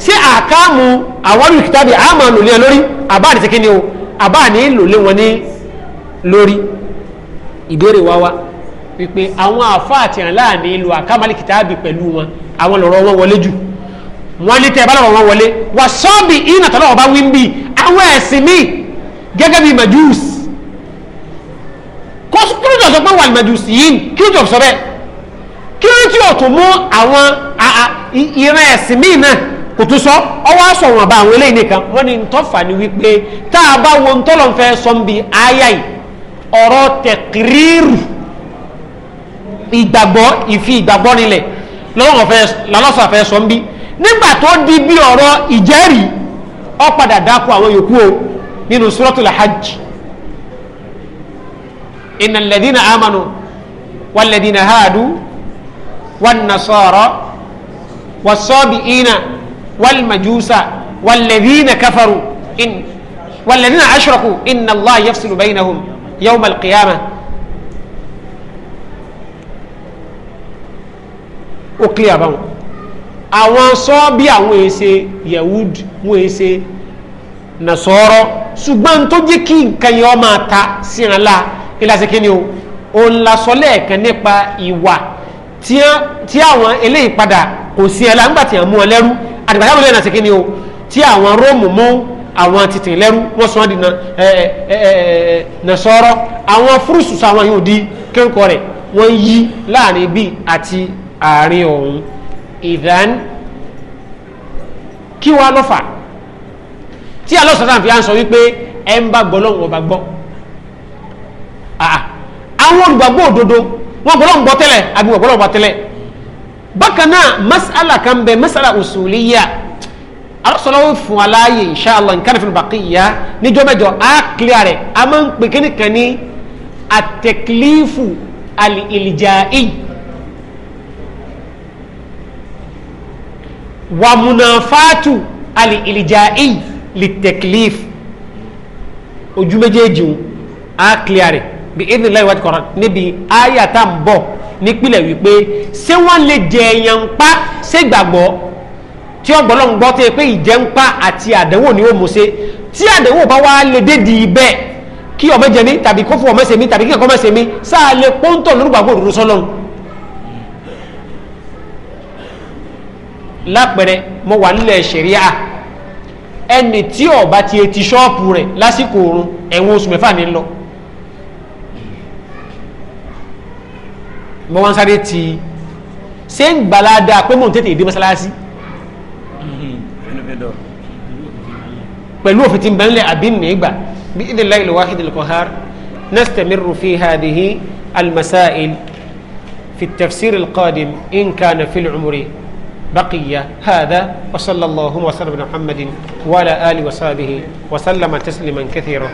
ṣé àkáàmù àwọn ìkìtàbí àmà lòlẹ́ lórí àbá àti kíni o àbá ní lòlẹ́ wọn ní lórí ìbéèrè wá wá wípé àwọn àfa àti àǹlá ní ìlú àkàmálì kìtàbì pẹ̀lú wọn àwọn lọ́rọ̀ wọn wọlé jù wọn lé tẹ́ ẹ bá lọ́rọ̀ wọn wọlé wà sọ́ọ̀bì ìnà tọ́lọ́ ọba wí ń bì àwọn ẹ̀sìn míì gẹ́gẹ́ bíi majus kó kúrúdọ̀ sọ pé wà ní majus yìí kúrúdọ̀ sọ bẹ́ẹ̀ kí tí o tún mú àwọn ìran ẹ̀sìn míì náà kò tún sọ ọwọ́ aṣọ wọn bá àwọn eléyìí nìkan wọn ni ntọ́fà ni wípé tá a bá wo ntọ́lọ́nfẹ́ sọ́nbi ayayi ọ̀rọ̀ tẹ̀kírírù ìgbàgbọ́ ìfi ìgbàgbọ́ nílẹ̀ lọ́wọ́ fẹ́ lọ́lọ́sọ̀ fẹ́ sọ ń bí nígbà tó di bí ọ̀rọ̀ ìjẹ́rìí ó padà dákú àwọn yòókù o nínú suratul hajj innal ladina amanu wal ladina hadu wan nasara was-sabiina wal majusa kafaru in wal ladina ashraku inna allaha yafsilu bainahum ó clear báwọn àwọn sọ́ọ́bì àwọn èsè yahud wọn èsè nasọ́rọ́ ṣùgbọ́n tó jẹ́ kí nǹkan yẹn ọmọ ata síra la ìlàsẹ̀ kí ni o òun la sọ lẹ́ẹ̀kan nípa ìwà tí àwọn eléyìí padà kò sí ẹ la nígbà tí àwọn mú ọ lẹ́rú àdìgbà táwọn eléyìí náà ṣe kí ni o tí àwọn róòmù mú àwọn tìtìn lẹ́rú wọ́n sọ di nasọ́rọ́ àwọn fúrúsù sọ àwọn yóò di kéńkọ́ rẹ̀ wọ́n yí láàrin bíi àti àárín òun ìdán kí wàá lọ́fà tí alọ́sọ̀tàn fi à ń sọ wípé ẹ ń bá gbọ́ lọ́wọ́ ọba gbọ́ àwọn olùgbàgbọ́ òdodo wọn gbọ́ lọ́wọ́ gbọ́ tẹ́lẹ̀ àbí wọ́n gbọ́ lọ́wọ́ gbọ́ tẹ́lẹ̀ bákan náà masala kan bẹ masala usuliya alọ́sọ̀lọ́wọ́ fún aláàyè inṣàlá nǹkan fún bàkìyà níjọ́ mẹ́jọ á kílíà rẹ̀ a máa ń pè kíníkan ní àtẹ̀kílífù alìlìjà ìyí. wa munafatu alìlìjàì lìtẹ̀klif ojú méjèèjì ń á clear rẹ̀ bí ẹni láì wá ti kọ̀ọ̀rọ̀ níbi àyà tá ń bọ̀ nípìnlẹ̀ wípé ṣé wọ́n lè jẹ èèyàn ń pa ṣé gbàgbọ́ tí ọgbọ́n lọ́n gbọ́ tó yẹ pé ń pa àti àdánwò ni ó mú ṣe tí àdánwò bá wá lè dédi ibẹ̀ kí ọmọ jẹ mí tàbí kófò ọmọ ṣe mí tàbí kí ẹ̀kọ́ ọmọ ṣe mí sáà lè pọ́ńtọ̀ lórúkọ àgbò òdòdó sọ́lọ́run lápẹrẹ mo wà nílẹ̀ ṣẹ̀ríà ẹni tí ọba ti etí ṣọ́ọ̀pù rẹ̀ lásìkò oorun ẹ̀wọ̀n oṣù mẹ́fà ní lọ. mo wá ń sáré ti ṣé ń gbalada pé mò ń tètè dé mọ́sálásí pẹ̀lú òfin tí ń bẹ̀rẹ̀ àbí nìgbà bí ìdílé ìlú wáhídìí lùkọ́hár نستمر في هذه المسائل في التفسير القادم إن كان في العمر بقي هذا وصلى الله وسلم على محمد وعلى آله وصحبه وسلم تسليما كثيرا